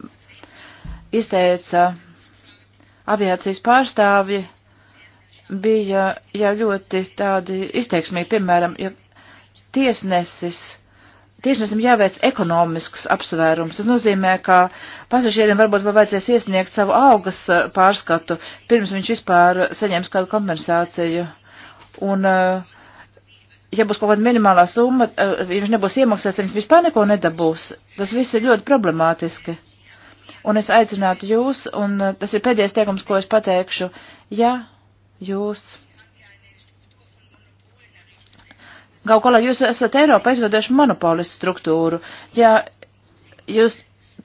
izteica aviācijas pārstāvji, bija jau ļoti tādi izteiksmīgi, piemēram, ja tiesnesis tiešām jāveic ekonomisks apsvērums. Tas nozīmē, ka pasažieriem varbūt vēl vajadzēs iesniegt savu algas eh, pārskatu, pirms viņš vispār saņems kādu kompensāciju. Un, eh, ja būs kaut kāda minimālā summa, eh, ja viņš nebūs iemaksāts, viņš vispār neko nedabūs. Tas viss ir ļoti problemātiski. Un es aicinātu jūs, un tas ir pēdējais teikums, ko es pateikšu, ja jūs Gau galā jūs esat Eiropā izveidojuši monopolistu struktūru. Ja jūs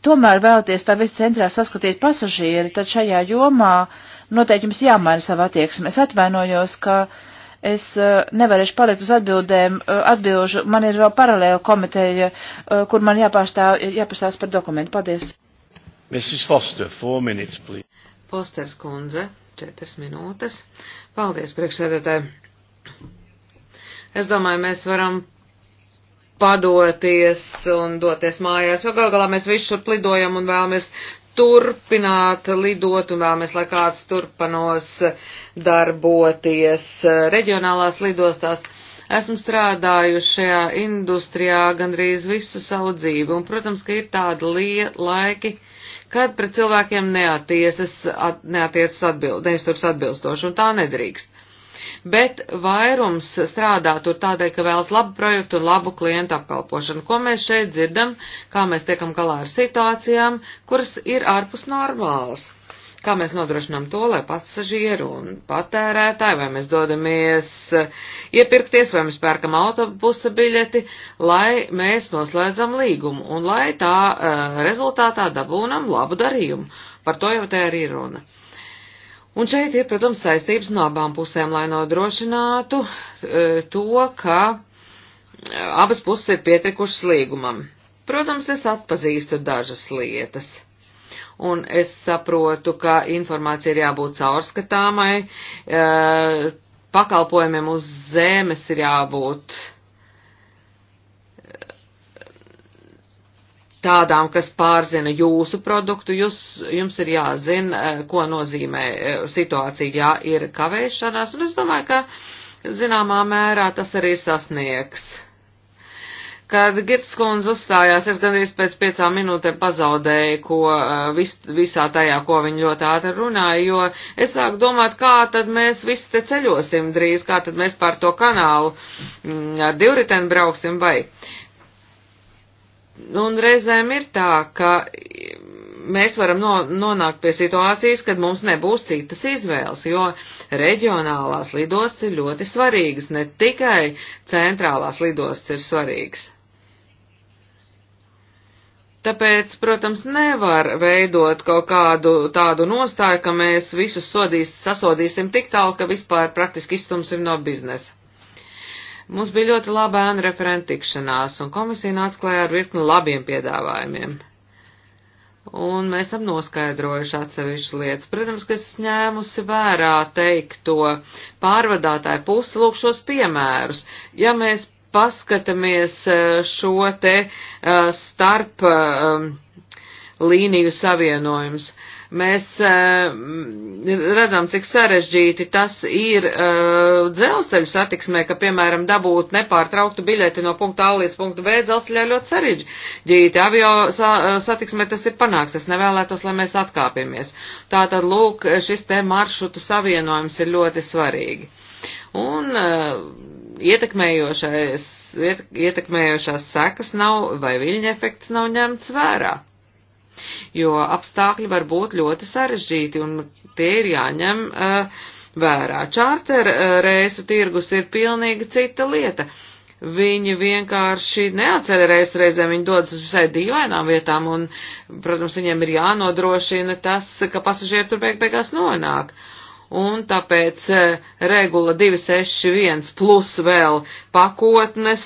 tomēr vēlaties tā visu centrā saskatīt pasažieri, tad šajā jomā noteikti jums jāmaina sava attieksme. Es atvainojos, ka es eh, nevarēšu palikt uz atbildēm, eh, atbilžu. Man ir vēl paralēla komiteja, eh, kur man jāpārstāv, jāpārstāv par dokumentu. Paldies. Mrs. Foster, four minutes, please. Fosters kundze, četras minūtes. Paldies, priekšsēdētāji. Es domāju, mēs varam padoties un doties mājās, jo gal galā mēs visi šur lidojam un vēlamies turpināt lidot un vēlamies, lai kāds turpanos darboties reģionālās lidostās. Esmu strādājuši šajā industrijā gandrīz visu savu dzīvi, un, protams, ka ir tādi laiki, kad pret cilvēkiem neatiesas, at, neatiesas atbild, neizturs atbilstoši, un tā nedrīkst bet vairums strādā tur tādēļ, ka vēlas labu projektu un labu klientu apkalpošanu. Ko mēs šeit dzirdam, kā mēs tiekam galā ar situācijām, kuras ir ārpus normālas. Kā mēs nodrošinām to, lai pasažieru un patērētāji, vai mēs dodamies eh, iepirkties, vai mēs pērkam autobusa biļeti, lai mēs noslēdzam līgumu un lai tā uh, rezultātā dabūnam labu darījumu. Par to jau te arī runa. Uh, Un šeit ir, protams, saistības no abām pusēm, lai nodrošinātu e, to, ka e, abas puses ir pietikušas līgumam. Protams, es atpazīstu dažas lietas un es saprotu, ka informācija ir jābūt caurskatāmai, e, pakalpojumiem uz zemes ir jābūt tādām, kas pārzina jūsu produktu, jūs, jums ir jāzina, eh, ko nozīmē eh, situācija, ja ir kavēšanās, un es domāju, ka zināmā mērā tas arī sasniegs. Kad Girtskundze uzstājās, es gandrīz pēc piecām minūtēm pazaudēju, ko eh, vis, visā tajā, ko viņa ļoti ātri runāja, jo es sāku domāt, kā tad mēs visi te ceļosim drīz, kā tad mēs pār to kanālu mm, ar divriten brauksim vai. Uh, Un reizēm ir tā, ka mēs varam no, nonākt pie situācijas, kad mums nebūs citas izvēles, jo reģionālās lidostas ir ļoti svarīgas, ne tikai centrālās lidostas ir svarīgas. Tāpēc, protams, nevar veidot kaut kādu tādu nostāju, ka mēs visus sodīs, sasodīsim tik tālu, ka vispār praktiski izstumsim no biznesa. Mums bija ļoti laba ēna referenta tikšanās, un komisija nāca klājā ar virkni labiem piedāvājumiem. Un mēs esam noskaidrojuši atsevišķas lietas. Protams, ka es ņēmusi vērā teikto pārvadātāju pusi lūkšos piemērus. Ja mēs paskatāmies e, šo te e, starp e, līniju savienojums, Mēs eh, redzam, cik sarežģīti tas ir eh, dzelzceļu satiksmē, ka, piemēram, dabūt nepārtrauktu biļeti no punkta A līdz punktu B dzelzceļā ļoti sarežģīti. Avio eh, satiksmē tas ir panāks, es nevēlētos, lai mēs atkāpjamies. Tātad, lūk, šis te maršrutu savienojums ir ļoti svarīgi. Un ietekmējošās sekas nav vai viļņa efekts nav ņemts vērā jo apstākļi var būt ļoti sarežģīti un tie ir jāņem uh, vērā. Čārter uh, reisu tirgus ir pilnīgi cita lieta. Viņi vienkārši neatceļ reisu reizēm, viņi dodas uz visai dīvainām vietām un, protams, viņiem ir jānodrošina tas, ka pasažieri tur beig beigās nonāk un tāpēc eh, regula 261 plus vēl pakotnes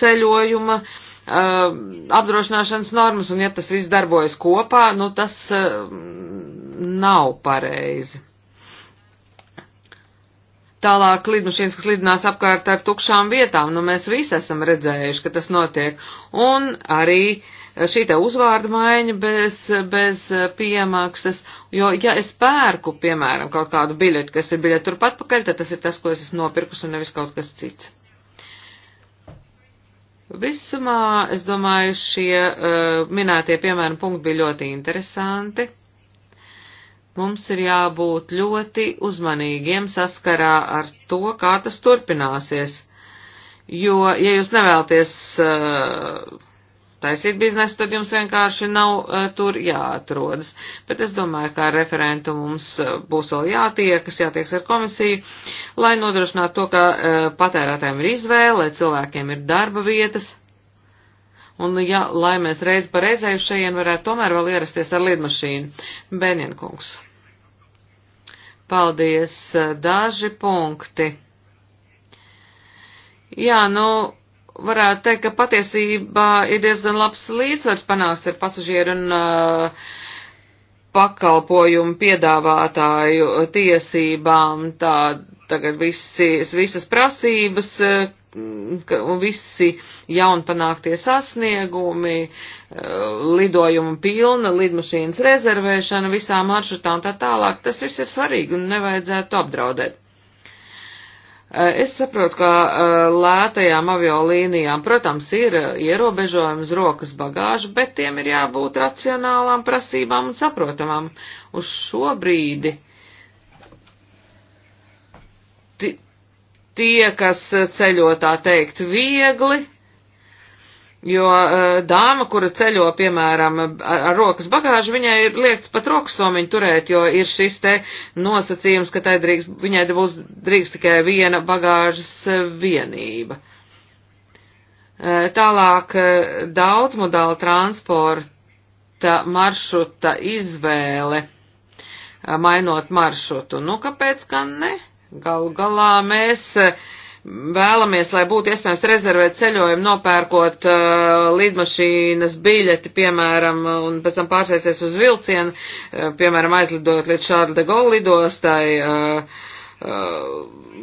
ceļojuma Uh, apdrošināšanas normas, un ja tas viss darbojas kopā, nu tas uh, nav pareizi. Tālāk lidmašīnas, kas lidinās apkārt ar tukšām vietām, nu mēs visi esam redzējuši, ka tas notiek. Un arī šī te uzvārda maiņa bez, bez piemaksas, jo ja es pērku, piemēram, kaut kādu biļeti, kas ir biļeti turpat pakaļ, tad tas ir tas, ko es esmu nopirkus un nevis kaut kas cits. Visumā, es domāju, šie uh, minētie piemēram punkti bija ļoti interesanti. Mums ir jābūt ļoti uzmanīgiem saskarā ar to, kā tas turpināsies. Jo, ja jūs nevēlaties uh, taisīt biznesu, tad jums vienkārši nav uh, tur jāatrodas. Bet es domāju, ka ar referentu mums e, būs vēl jātiekas, jātieks ar komisiju, lai nodrošinātu to, ka uh, patērētājiem ir izvēle, lai cilvēkiem ir darba vietas. Un, ja, lai mēs reiz par reizēju šajien varētu tomēr vēl ierasties ar lidmašīnu. Bēnienkungs. Paldies. Daži punkti. Jā, nu, varētu teikt, ka patiesībā ir diezgan labs līdzsvars panāks ar pasažieru un uh, pakalpojumu piedāvātāju uh, tiesībām. Tā tagad visi, visas prasības uh, un visi jaunpanāktie sasniegumi, uh, lidojumu pilna, lidmašīnas rezervēšana visām maršrutām tā tālāk, tas viss ir svarīgi un nevajadzētu apdraudēt. Eh, es saprotu, ka eh, lētajām aviolīnijām, protams, ir eh, ierobežojums rokas bagāžu, bet tiem ir jābūt racionālām prasībām un saprotamām. Uz šo brīdi tie, kas ceļo tā teikt viegli, Jo uh, dāma, kura ceļo, piemēram, ar, ar rokas bagāžu, viņai ir liekts pat roksomiņu turēt, jo ir šis te nosacījums, ka tai drīkst, viņai būs drīkst tikai viena bagāžas eh, vienība. Uh, tālāk uh, daudzmodāla transporta maršruta izvēle, uh, mainot maršrutu. Nu, kāpēc gan ne? Galu galā mēs. Uh, vēlamies, lai būtu iespējams rezervēt ceļojumu, nopērkot uh, lidmašīnas biļeti, piemēram, un pēc tam pārsēsties uz vilcienu, uh, piemēram, aizlidot līdz Šārda de Gaulle lidostai uh, uh,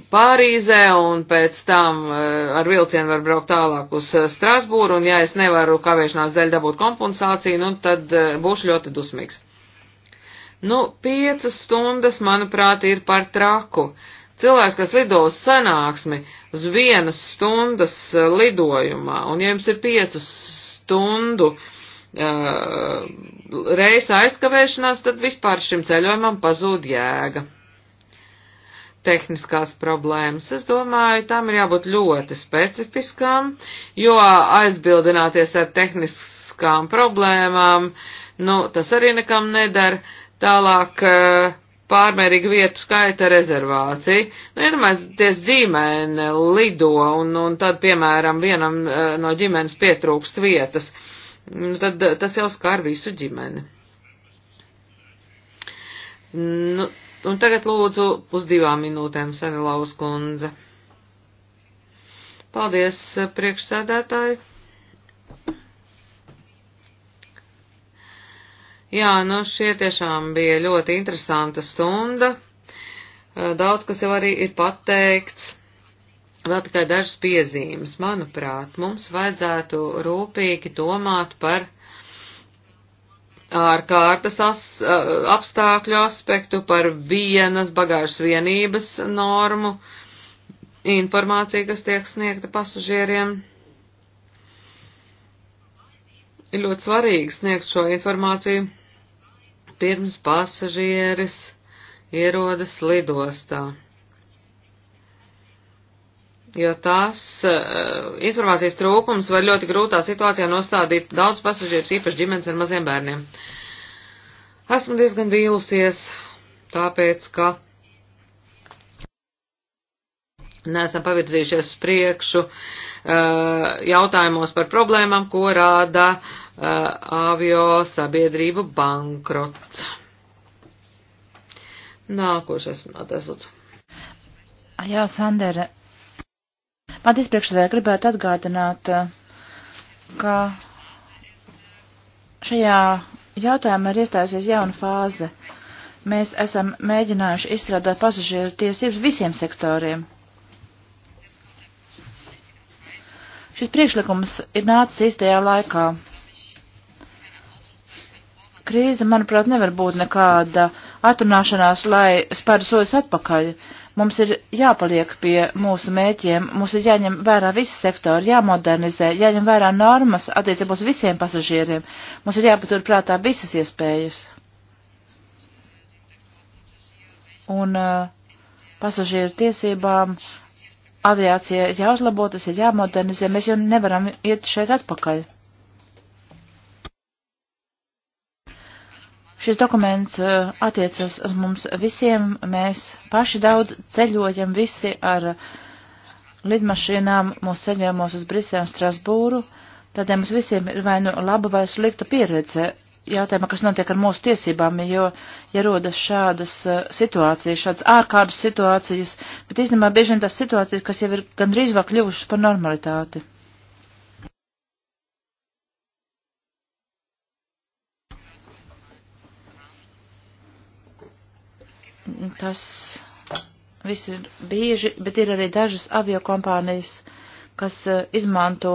Pārīzē, un pēc tam uh, ar vilcienu var braukt tālāk uz uh, Strasbūru, un ja es nevaru kavēšanās dēļ dabūt kompensāciju, nu tad uh, būšu ļoti dusmīgs. Nu, piecas stundas, manuprāt, ir par traku. Uh, cilvēks, kas lido uz sanāksmi uz vienas stundas eh, lidojumā, un ja jums ir piecu stundu uh, reisa aizkavēšanās, tad vispār šim ceļojumam pazūd jēga. Tehniskās problēmas, es domāju, tam ir jābūt ļoti specifiskām, jo aizbildināties ar tehniskām problēmām, nu, tas arī nekam nedara. Tālāk, uh, pārmērīga vietu skaita rezervācija. Nu, iedomājieties, ģimene lido un, un tad, piemēram, vienam eh, no ģimenes pietrūkst vietas. Nu, tad eh, tas jau skar visu ģimeni. Nu, un tagad lūdzu pusdivām minūtēm Sanilaus kundze. Paldies, eh, priekšsēdētāji. Jā, nu šie tiešām bija ļoti interesanta stunda. Daudz, kas jau arī ir pateikts. Vēl tikai dažas piezīmes. Manuprāt, mums vajadzētu rūpīgi domāt par ārkārtas as, apstākļu aspektu, par vienas bagāžas vienības normu, informāciju, kas tiek sniegta pasažieriem ir ļoti svarīgi sniegt šo informāciju pirms pasažieris ierodas lidostā. Jo tās uh, eh, informācijas trūkums var ļoti grūtā situācijā nostādīt daudz pasažierus, īpaši ģimenes ar maziem bērniem. Esmu diezgan vīlusies, tāpēc, ka neesam pavirzījušies uz priekšu uh, jautājumos par problēmām, ko rāda uh, Uh, avio sabiedrību bankrots. Nākošais runātājs lūdzu. Ah, jā, Sandere. Paldies priekšsēdē, gribētu atgādināt, uh, ka šajā jautājumā ir iestājusies jauna fāze. Mēs esam mēģinājuši izstrādāt pasažieru tiesības visiem sektoriem. Šis priekšlikums ir nācis īstajā laikā krīze, manuprāt, nevar būt nekāda atrunāšanās, lai spēru soļus atpakaļ. Mums ir jāpaliek pie mūsu mēķiem, mums ir jāņem vērā visi sektori, jāmodernizē, jāņem vērā normas attiecībā uz visiem pasažieriem. Mums ir jāpatur prātā visas iespējas. Un uh, pasažieru tiesībām aviācija ir jāuzlabo, tas ir jāmodernizē, mēs jau nevaram iet šeit atpakaļ. Šis dokuments uh, attiecas uz mums visiem. Mēs paši daudz ceļojam visi ar lidmašīnām mūsu ceļojumos uz Briselu un Strasbūru. Tādēļ mums visiem ir vai nu laba vai slikta pieredze jautājumā, kas notiek ar mūsu tiesībām, jo, ja rodas šādas uh, situācijas, šādas ārkārtas situācijas, bet īstenībā bieži vien tās situācijas, kas jau ir gandrīz vēl kļuvušas par normalitāti. Tas viss ir bieži, bet ir arī dažas aviokompānijas, kas eh, izmanto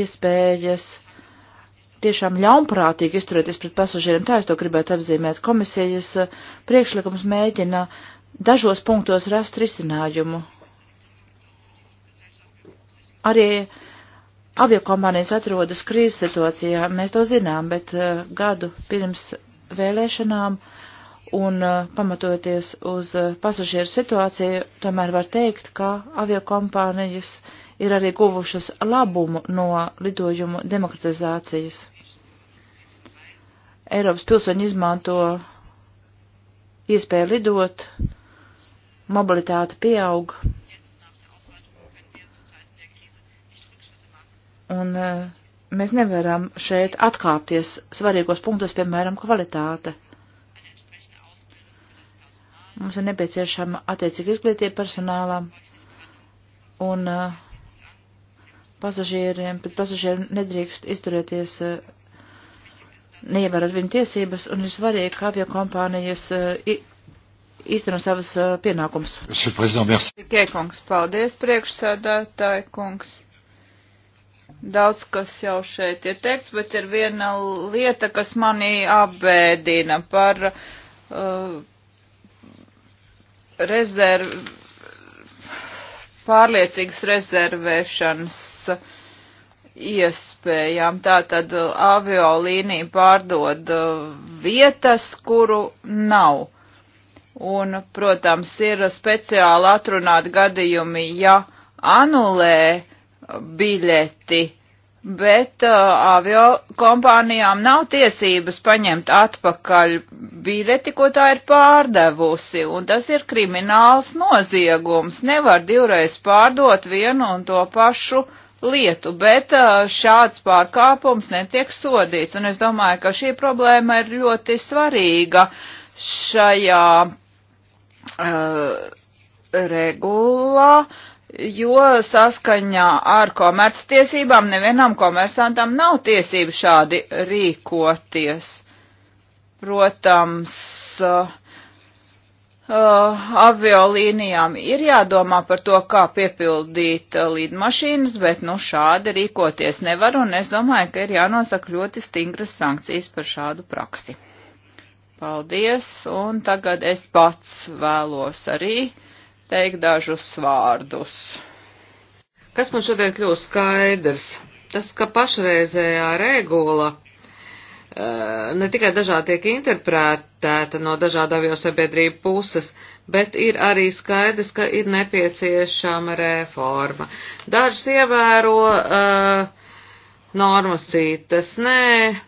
iespējas tiešām ļaunprātīgi izturēties pret pasažieriem. Tā es to gribētu apzīmēt. Komisijas eh, priekšlikums mēģina dažos punktos rast risinājumu. Arī aviokompānijas atrodas krīzes situācijā, mēs to zinām, bet eh, gadu pirms vēlēšanām uh, un uh, pamatoties uz uh, pasažieru situāciju, tomēr var teikt, ka aviokompānijas ir arī guvušas labumu no lidojumu demokratizācijas. Eiropas pilsoņi izmanto iespēju lidot, mobilitāte pieaug. Un uh, mēs nevaram šeit atkāpties svarīgos punktos, piemēram, kvalitāte. Mums ir nepieciešama attiecīga izglītība personālam un uh, pasažieriem, pret pasažieriem nedrīkst izturēties, uh, neievērot viņu tiesības, un ir svarīgi, kā pie kompānijas uh, eh, īstenot savas pienākumus. Kiekungs, paldies priekšsēdētāji, kungs. Daudz kas jau šeit ir teikts, bet ir viena lieta, kas manī apbēdina par uh, rezerv, pārliecīgas rezervēšanas iespējām. Tātad aviolīnija pārdod uh, vietas, kuru nav. Un, protams, ir speciāli atrunāti gadījumi, ja anulē biļeti, bet uh, avio kompānijām nav tiesības paņemt atpakaļ biļeti, ko tā ir pārdevusi, un tas ir krimināls noziegums. Nevar divreiz pārdot vienu un to pašu lietu, bet uh, šāds pārkāpums netiek sodīts, un es domāju, ka šī problēma ir ļoti svarīga šajā uh, regulā jo saskaņā ar komerctiesībām nevienam komersantam nav tiesību šādi rīkoties. Protams, uh, uh, aviolīnijām ir jādomā par to, kā piepildīt uh, līdmašīnas, bet nu šādi rīkoties nevar, un es domāju, ka ir jānosaka ļoti stingras sankcijas par šādu praksi. Paldies, un tagad es pats vēlos arī uh, teikt dažus vārdus. Kas man šodien kļūst skaidrs? Tas, ka pašreizējā regula eh, ne tikai dažādi tiek interpretēta no dažādu aviosabiedrību puses, bet ir arī skaidrs, ka ir nepieciešama reforma. Dažas ievēro uh, normas, citas nē,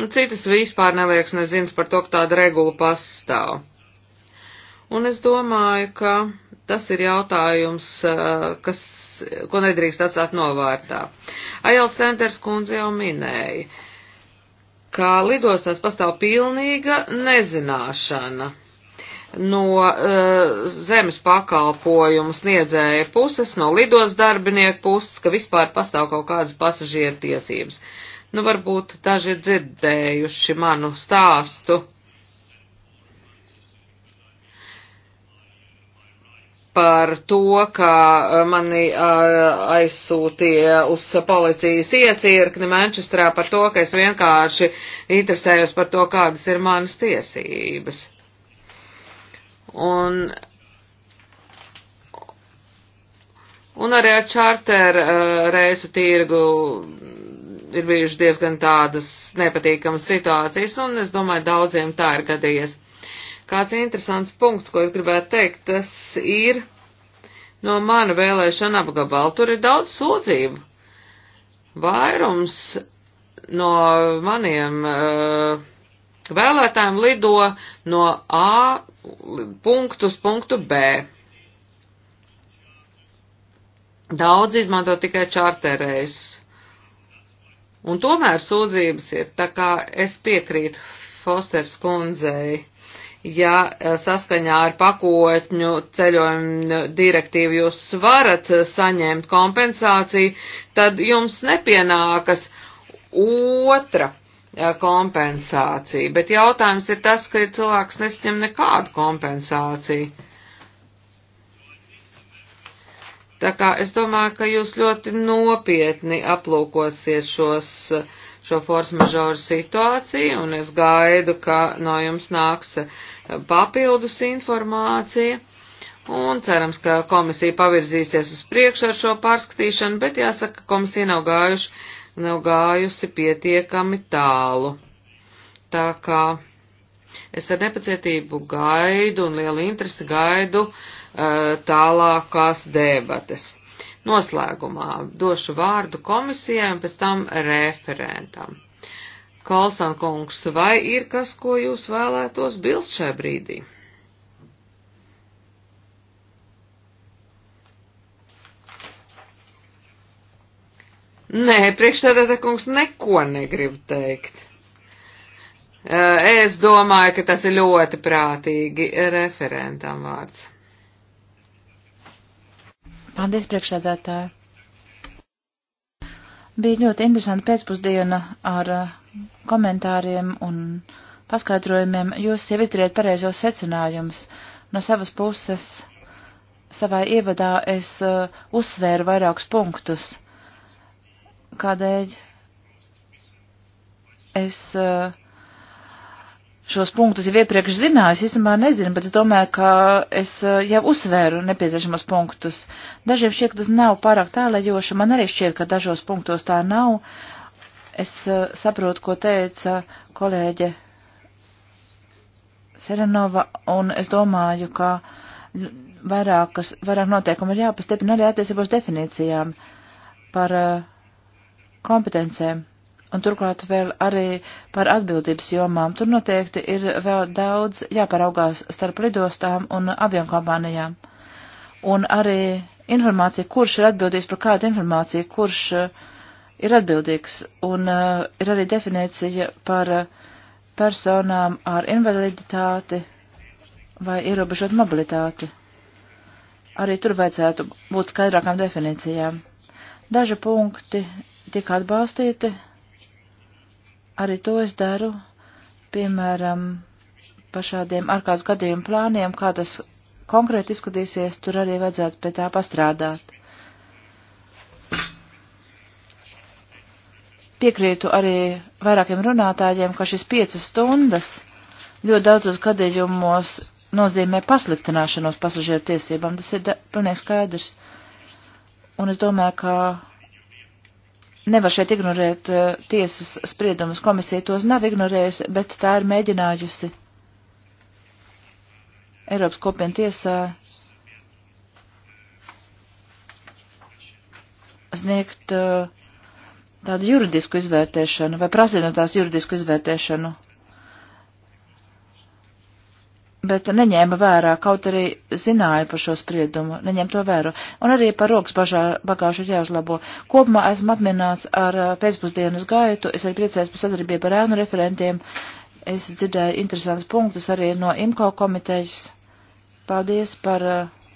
nu, citas vispār neliekas nezins par to, ka tāda regula pastāv. Un es domāju, ka tas ir jautājums, eh, kas, ko nedrīkst atstāt novārtā. Ajels centrs kundze jau minēja, ka lidostās pastāv pilnīga nezināšana no uh, zemes pakalpojumu sniedzēja puses, no lidos darbinieku puses, ka vispār pastāv kaut kādas pasažieru tiesības. Nu, varbūt daži ir dzirdējuši manu stāstu par to, ka uh, mani uh, aizsūtīja uz policijas iecirkni Manchesterā par to, ka es vienkārši interesējos par to, kādas ir manas tiesības. Un, un arī ar čārter uh, reisu tirgu ir bijušas diezgan tādas nepatīkamas situācijas, un es domāju, daudziem tā ir gadījies. Kāds interesants punkts, ko es gribētu teikt, tas ir no mana vēlēšana apgabala. Tur ir daudz sūdzību. Vairums no maniem uh, vēlētājiem lido no A punktu uz punktu B. Daudz izmanto tikai čārterējus. Un tomēr sūdzības ir, tā kā es piekrītu Fosters kundzei. Uh, ja eh, saskaņā ar pakotņu ceļojumu direktīvu jūs varat eh, saņemt kompensāciju, tad jums nepienākas otra eh, kompensācija. Bet jautājums ir tas, ka cilvēks nesņem nekādu kompensāciju. Tā kā es domāju, ka jūs ļoti nopietni aplūkosiet šos uh, šo forsmažoru situāciju, un es gaidu, ka no jums nāks eh, papildus informācija. Un cerams, ka komisija pavirzīsies uz priekšu ar šo pārskatīšanu, bet jāsaka, ka komisija nav, gājuši, nav gājusi pietiekami tālu. Tā kā es ar nepacietību gaidu un lielu interesi gaidu uh, tālākās debates. Noslēgumā došu vārdu komisijai un pēc tam referentam. Kolsan kungs, vai ir kas, ko jūs vēlētos bilst šai brīdī? Nē, priekšsēdētā kungs neko negrib teikt. Es domāju, ka tas ir ļoti prātīgi referentam vārds. Paldies, priekšsēdētāji! Bija ļoti interesanti pēcpusdiena ar uh, komentāriem un paskaidrojumiem. Jūs jau izdarījāt pareizos secinājumus. No savas puses, savā ievadā es uh, uzsvēru vairākus punktus, kādēļ es uh, šos punktus jau iepriekš zināju, es īstenībā nezinu, bet es domāju, ka es eh, jau uzsvēru nepieciešamos punktus. Dažiem šķiet, ka tas nav pārāk tālajoši, man arī šķiet, ka dažos punktos tā nav. Es eh, saprotu, ko teica kolēģe Serenova, un es domāju, ka vairākas, vairāk noteikumi ir jāpastiprina arī attiecībos definīcijām par eh, kompetencēm. Un turklāt vēl arī par atbildības jomām. Tur noteikti ir vēl daudz jāparaugās starp lidostām un avionkompānijām. Un arī informācija, kurš ir atbildīgs par kādu informāciju, kurš uh, ir atbildīgs. Un uh, ir arī definīcija par uh, personām ar invaliditāti vai ierobežot mobilitāti. Arī tur vajadzētu būt skaidrākām definīcijām. Daži punkti tika atbalstīti, Arī to es daru, piemēram, par šādiem ārkārtas gadījumu plāniem, kā tas konkrēti izskatīsies, tur arī vajadzētu pie tā pastrādāt. Piekrītu arī vairākiem runātājiem, ka šis piecas stundas ļoti daudzos gadījumos nozīmē pasliktināšanos pasažieru tiesībām. Tas ir pilnīgi skaidrs. Un es domāju, ka nevar šeit ignorēt uh, tiesas spriedumus. Komisija tos nav ignorējusi, bet tā ir mēģinājusi Eiropas kopienu tiesā sniegt uh, tādu juridisku izvērtēšanu vai prasīt no tās juridisku izvērtēšanu bet neņēma vērā, kaut arī zināja par šo spriedumu, neņem to vērā. Un arī par rokas bagāžu ir jāuzlabo. Kopumā esmu apmierināts ar pēcpusdienas gaitu, es arī priecājos par sadarbību ar ēnu referentiem. Es dzirdēju interesantus punktus arī no IMCO komitejas. Paldies par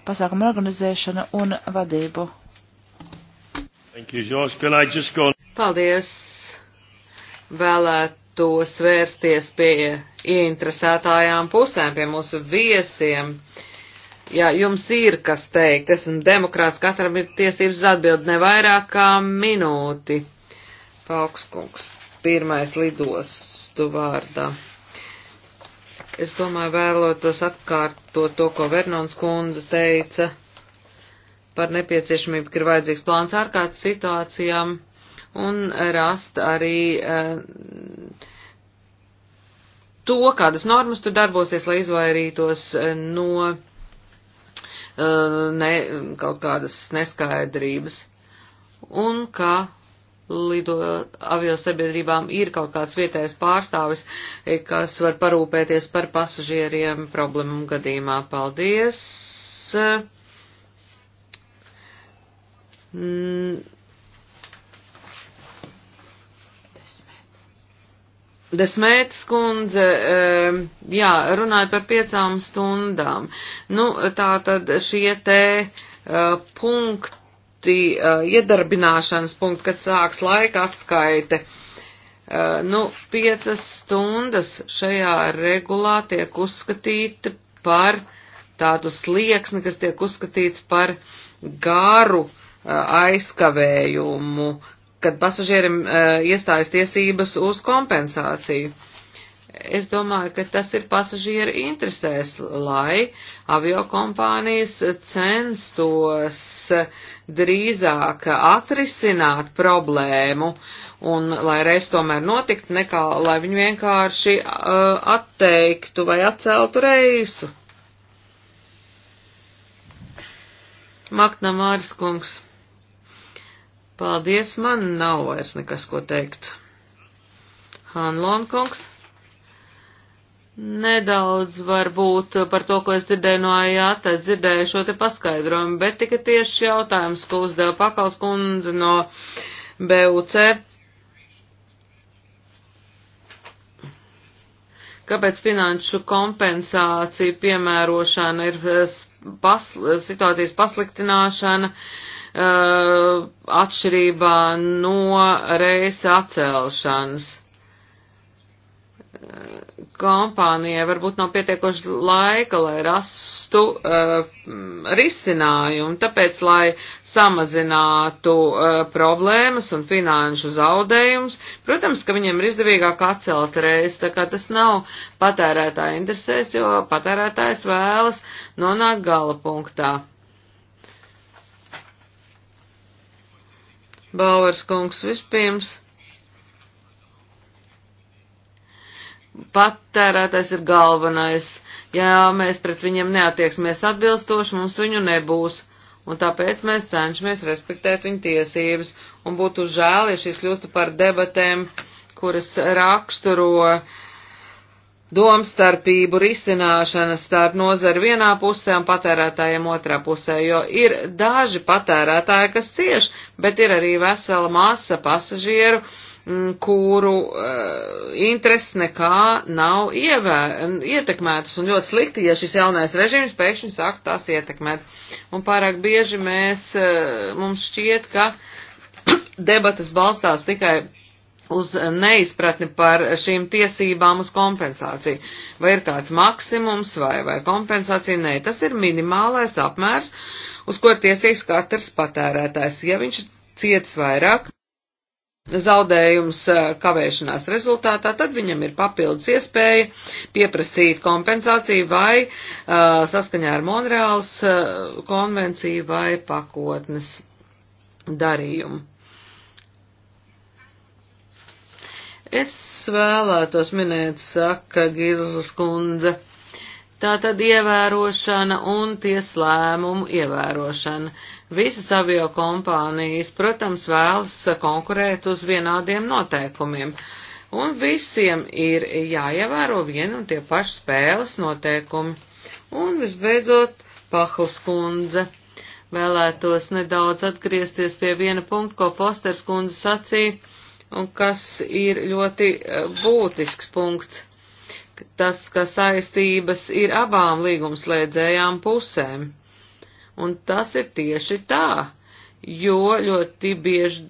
pasākumu organizēšanu un vadību. You, Paldies! Vēlēt tos vērsties pie ieinteresētājām pusēm, pie mūsu viesiem. Ja jums ir kas teikt, esmu demokrāts, katram ir tiesības atbild ne vairāk kā minūti. Paukskungs, pirmais lidostu vārdā. Es domāju, vēlotos atkārtot to, ko Vernons kundze teica par nepieciešamību, ka ir vajadzīgs plāns ārkārtas situācijām un rast arī eh, to, kādas normas tur darbosies, lai izvairītos eh, no eh, ne, kaut kādas neskaidrības. Un kā lido avio sabiedrībām ir kaut kāds vietējais pārstāvis, kas var parūpēties par pasažieriem problēmu gadījumā. Paldies! Mm Desmētas kundze, ehm, jā, runāja par piecām stundām. Nu, tā tad šie te eh, punkti, eh, iedarbināšanas punkti, kad sāks laika atskaite. Eh, nu, piecas stundas šajā regulā tiek uzskatīta par tādu slieksni, kas tiek uzskatīts par garu aizkavējumu, kad pasažierim uh, iestājas tiesības uz kompensāciju. Es domāju, ka tas ir pasažieru interesēs, lai aviokompānijas censtos drīzāk atrisināt problēmu un lai reiz tomēr notikt, nekā lai viņi vienkārši uh, atteiktu vai atceltu reisu. Maknamāris kungs. Paldies, man nav vairs nekas, ko teikt. Hanlon kungs. Nedaudz varbūt par to, ko es dzirdēju no AJAT, es dzirdēju šo te paskaidrojumu, bet tika tieši jautājums, ko uzdeva Pakals kundze no BUC. Kāpēc finanšu kompensācija piemērošana ir eh, pas, situācijas pasliktināšana? Uh, Uh, atšķirībā no reisa atcelšanas. Kompānijai varbūt nav pietiekoši laika, lai rastu uh, risinājumu, tāpēc, lai samazinātu uh, problēmas un finanšu zaudējumus, protams, ka viņiem ir izdevīgāk atcelt reizi, tā kā tas nav patērētāja interesēs, jo patērētājs vēlas nonākt gala punktā. Bauers kungs vispirms. Patērētājs ir galvenais. Ja mēs pret viņiem neatieksimies atbilstoši, mums viņu nebūs. Un tāpēc mēs cenšamies respektēt viņu tiesības. Un būtu žēl, ja šīs kļūstu par debatēm, kuras raksturo uh, domstarpību risināšana starp nozari vienā pusē un patērētājiem otrā pusē, jo ir daži patērētāji, kas cieš, bet ir arī vesela masa pasažieru, m, mm, kuru uh, eh, intereses nekā nav ievē, ietekmētas un ļoti slikti, ja šis jaunais režīms pēkšņi sāk tās ietekmēt. Un pārāk bieži mēs, uh, mums šķiet, ka debatas balstās tikai uz neizpratni par šīm tiesībām uz kompensāciju. Vai ir kāds maksimums vai, vai kompensācija? Nē, tas ir minimālais apmērs, uz ko ir tiesīgs katrs patērētājs. Ja viņš cietis vairāk zaudējums eh, kavēšanās rezultātā, tad viņam ir papildus iespēja pieprasīt kompensāciju vai uh, saskaņā ar Monreāls uh, konvenciju vai pakotnes darījumu. Es vēlētos minēt, saka Gilzas kundze. Tā tad ievērošana un tieslēmumu ievērošana. Visas avio kompānijas, protams, vēlas konkurēt uz vienādiem noteikumiem, un visiem ir jāievēro vien un tie paši spēles noteikumi. Un visbeidzot, Pahls kundze. Vēlētos nedaudz atgriezties pie viena punkta, ko Posters kundze sacīja un kas ir ļoti e, būtisks punkts. Tas, ka saistības ir abām līgumslēdzējām pusēm. Un tas ir tieši tā, jo ļoti bieži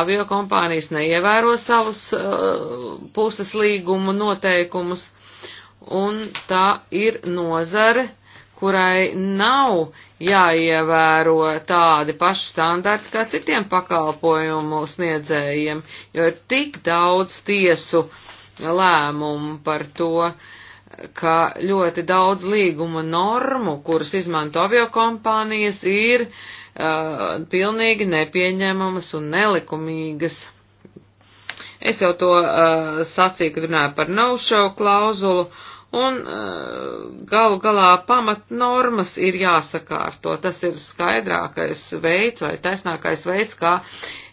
aviokompānijas neievēro savus uh, puses līgumu noteikumus, un tā ir nozare, uh, kurai nav jāievēro tādi paši standarti kā citiem pakalpojumu sniedzējiem, jo ir tik daudz tiesu lēmumu par to, ka ļoti daudz līguma normu, kuras izmanto aviokompānijas, ir uh, pilnīgi nepieņemamas un nelikumīgas. Es jau to uh, sacīju, kad runāju par no-show klauzulu, uh, un eh, galu galā pamatnormas ir jāsakārto. Tas ir skaidrākais veids vai taisnākais veids, kā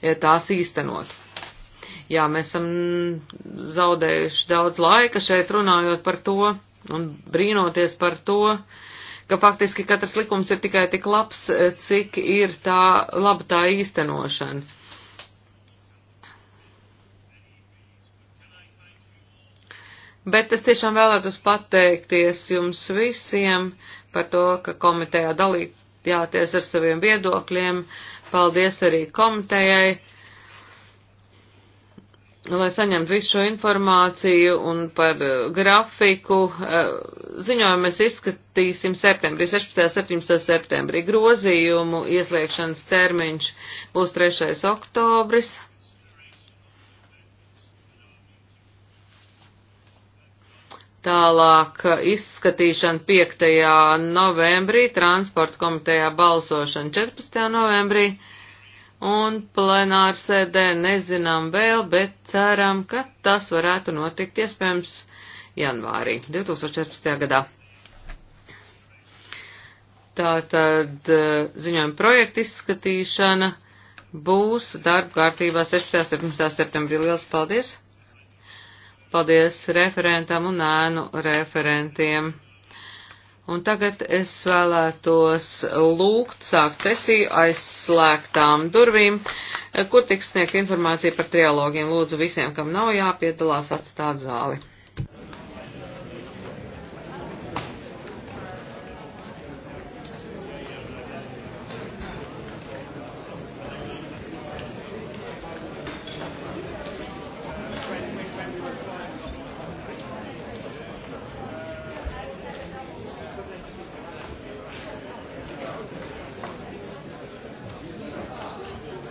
eh, tās īstenot. Jā, mēs esam zaudējuši daudz laika šeit runājot par to un brīnoties par to, ka faktiski katrs likums ir tikai tik labs, eh, cik ir tā laba tā īstenošana. Bet es tiešām vēlētos pateikties jums visiem par to, ka komitejā dalījāties ar saviem viedokļiem. Paldies arī komitejai, lai saņemtu visu šo informāciju un par eh, grafiku. Eh, ziņojumu mēs izskatīsim septembrī, 16. 17. septembrī. Grozījumu ieslēgšanas termiņš būs 3. oktobris. Tālāk uh, izskatīšana 5. novembrī, transporta komitejā balsošana 14. novembrī un plenārsēdē nezinām vēl, bet ceram, ka tas varētu notikt iespējams janvārī 2014. gadā. Tātad uh, ziņojuma projekta izskatīšana būs darba kārtībā 16. un 17. septembrī. Lielas paldies! Paldies referentam un ēnu referentiem. Un tagad es vēlētos lūgt sākt sesiju aizslēgtām durvīm, kur tiks sniegt informācija par trialogiem. Lūdzu visiem, kam nav jāpiedalās, atstāt zāli.